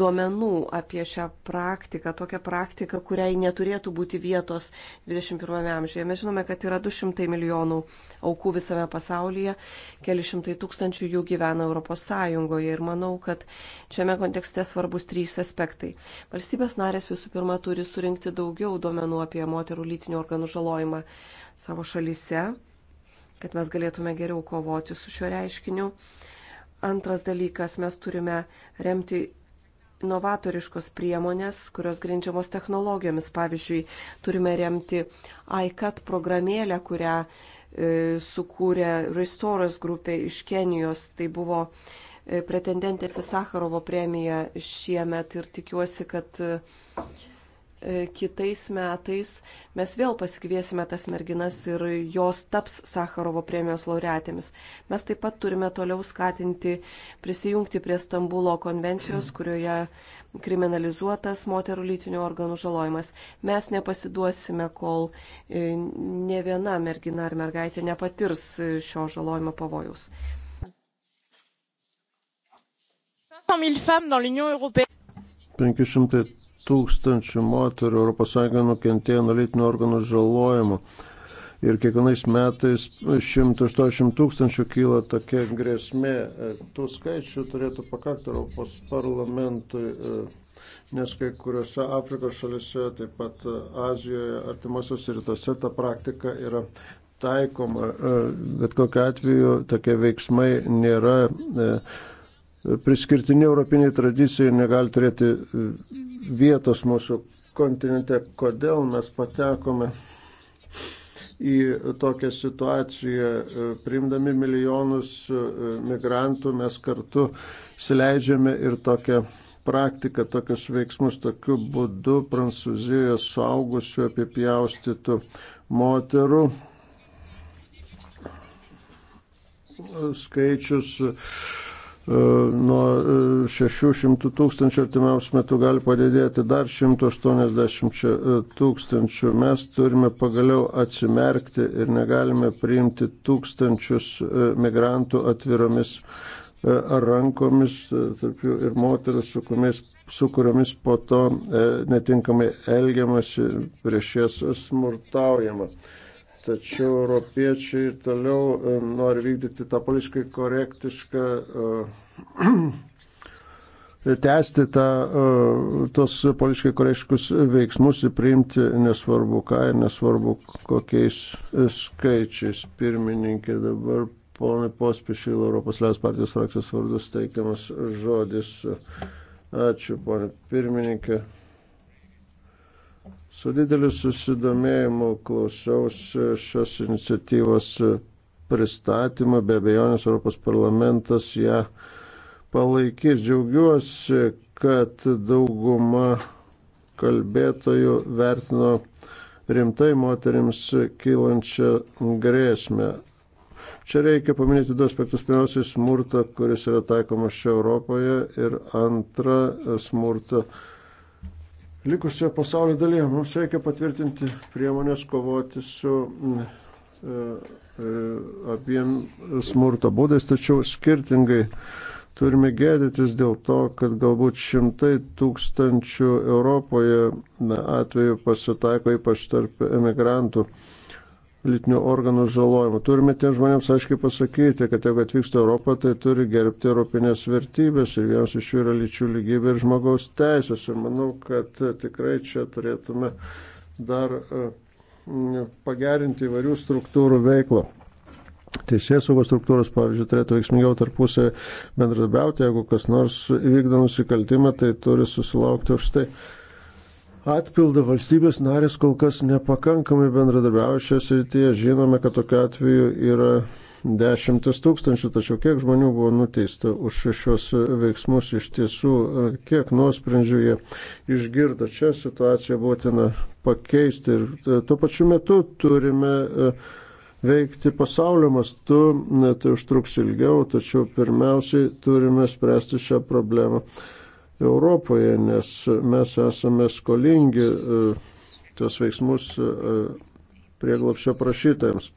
Speaker 1: duomenų apie šią praktiką, tokią praktiką, kuriai neturėtų būti vietos 21 amžiuje. Mes žinome, kad yra 200 milijonų aukų visame pasaulyje, keli šimtai tūkstančių jų gyvena Europos Sąjungoje ir manau, kad šiame kontekste svarbus trys aspektai. Valstybės narės visų pirma turi surinkti daugiau duomenų apie moterų lytinių organų žalojimą savo šalyse, kad mes galėtume geriau kovoti su šiuo reiškiniu. Antras dalykas, mes turime remti novatoriškos priemonės, kurios grindžiamos technologijomis. Pavyzdžiui, turime remti iCat programėlę, kurią e, sukūrė Restorers grupė iš Kenijos. Tai buvo e, pretendentės į Sakarovo premiją šiemet ir tikiuosi, kad e, kitais metais mes vėl pasikviesime tas merginas ir jos taps Sakarovo premijos laureatėmis. Mes taip pat turime toliau skatinti prisijungti prie Stambulo konvencijos, kurioje kriminalizuotas moterų lytinių organų žalojimas. Mes nepasiduosime, kol e, ne viena mergina ar mergaitė nepatirs e, šio žalojimo pavojaus.
Speaker 2: 500 000 femmes dans l'Union européenne.
Speaker 3: 500 tūkstančių moterų ES nukentėjo nuo lytinių organų žalojimo. Ir kiekvienais metais 180 tūkstančių kyla tokia grėsmė. E, tų skaičių turėtų pakakti Europos parlamentui, e, nes kai kuriuose Afrikos šalise, taip pat e, Azijoje, artimuosios rytuose ta praktika yra taikoma. Bet kokiu atveju tokie veiksmai nėra priskirtini europiniai tradicijai ir negali turėti vietos mūsų kontinente, kodėl mes patekome į tokią situaciją, priimdami milijonus e, migrantų, mes kartu sileidžiame ir tokią praktiką, tokius veiksmus, tokiu būdu Prancūzijoje suaugusiu apipjaustytų moterų skaičius E, nuo 600 e, tūkstančių artimiausių metų gali padidėti dar 180 e, tūkstančių. Mes turime pagaliau atsimerkti ir negalime priimti tūkstančius migrantų atviromis rankomis, tarp jų ir moteris, su kuriomis, su kuriomis po to netinkamai elgiamasi prieš jas smurtaujama. Tačiau europiečiai toliau e, nori vykdyti tą politiškai korektišką, e, <clears throat> tęsti tą, e, tos politiškai korektiškus veiksmus ir priimti nesvarbu ką ir nesvarbu kokiais skaičiais. Pirmininkė dabar ponai pospešil Europos Liaudės partijos frakcijos vardus teikiamas žodis. Ačiū, ponė pirmininkė. Su dideliu susidomėjimu klausiausi šios iniciatyvos pristatymą, be abejonės Europos parlamentas ją palaikys. Džiaugiuosi, kad dauguma kalbėtojų vertino rimtai moteriams kylančią grėsmę. Čia reikia paminėti du aspektus. Pirmiausia, smurtą, kuris yra taikomas čia Europoje ir antra, smurtą likusioje pasaulio dalyje. Mums reikia patvirtinti priemonės kovoti su mm, e, e, abiem smurto būdais, tačiau skirtingai turime gėdytis dėl to, kad galbūt šimtai tūkstančių Europoje atveju pasitaiko ypač tarp emigrantų lytinių organų žalojimo. Turime tiem žmonėms aiškiai pasakyti, kad jeigu atvyksta Europą, tai turi gerbti europinės vertybės ir vienas iš jų yra lyčių lygybė ir žmogaus teisės. Ir manau, kad e, tikrai čia turėtume dar e, pagerinti įvairių struktūrų veiklą. Teisėsaugos struktūros, pavyzdžiui, turėtų veiksmingiau tarpusę bendradarbiauti, jeigu kas nors įvykdo nusikaltimą, tai turi susilaukti už tai atpildą valstybės narės kol kas nepakankamai bendradarbiavo šioje srityje. Žinome, kad tokiu atveju yra dešimtis tūkstančių, tačiau kiek žmonių buvo nuteista už šios veiksmus iš tiesų, kiek nuosprendžių jie išgirdo. Čia situacija būtina pakeisti ir e, tuo pačiu metu turime e, veikti pasaulio mastu, tai užtruks ilgiau, tačiau pirmiausiai turime spręsti šią problemą Europoje, nes mes esame skolingi e, tos veiksmus e, prieglapšio prašytojams.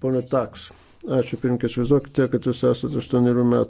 Speaker 3: Pone Taks, ačiū pirmkės, vizuokite, kad jūs esate 8 metų.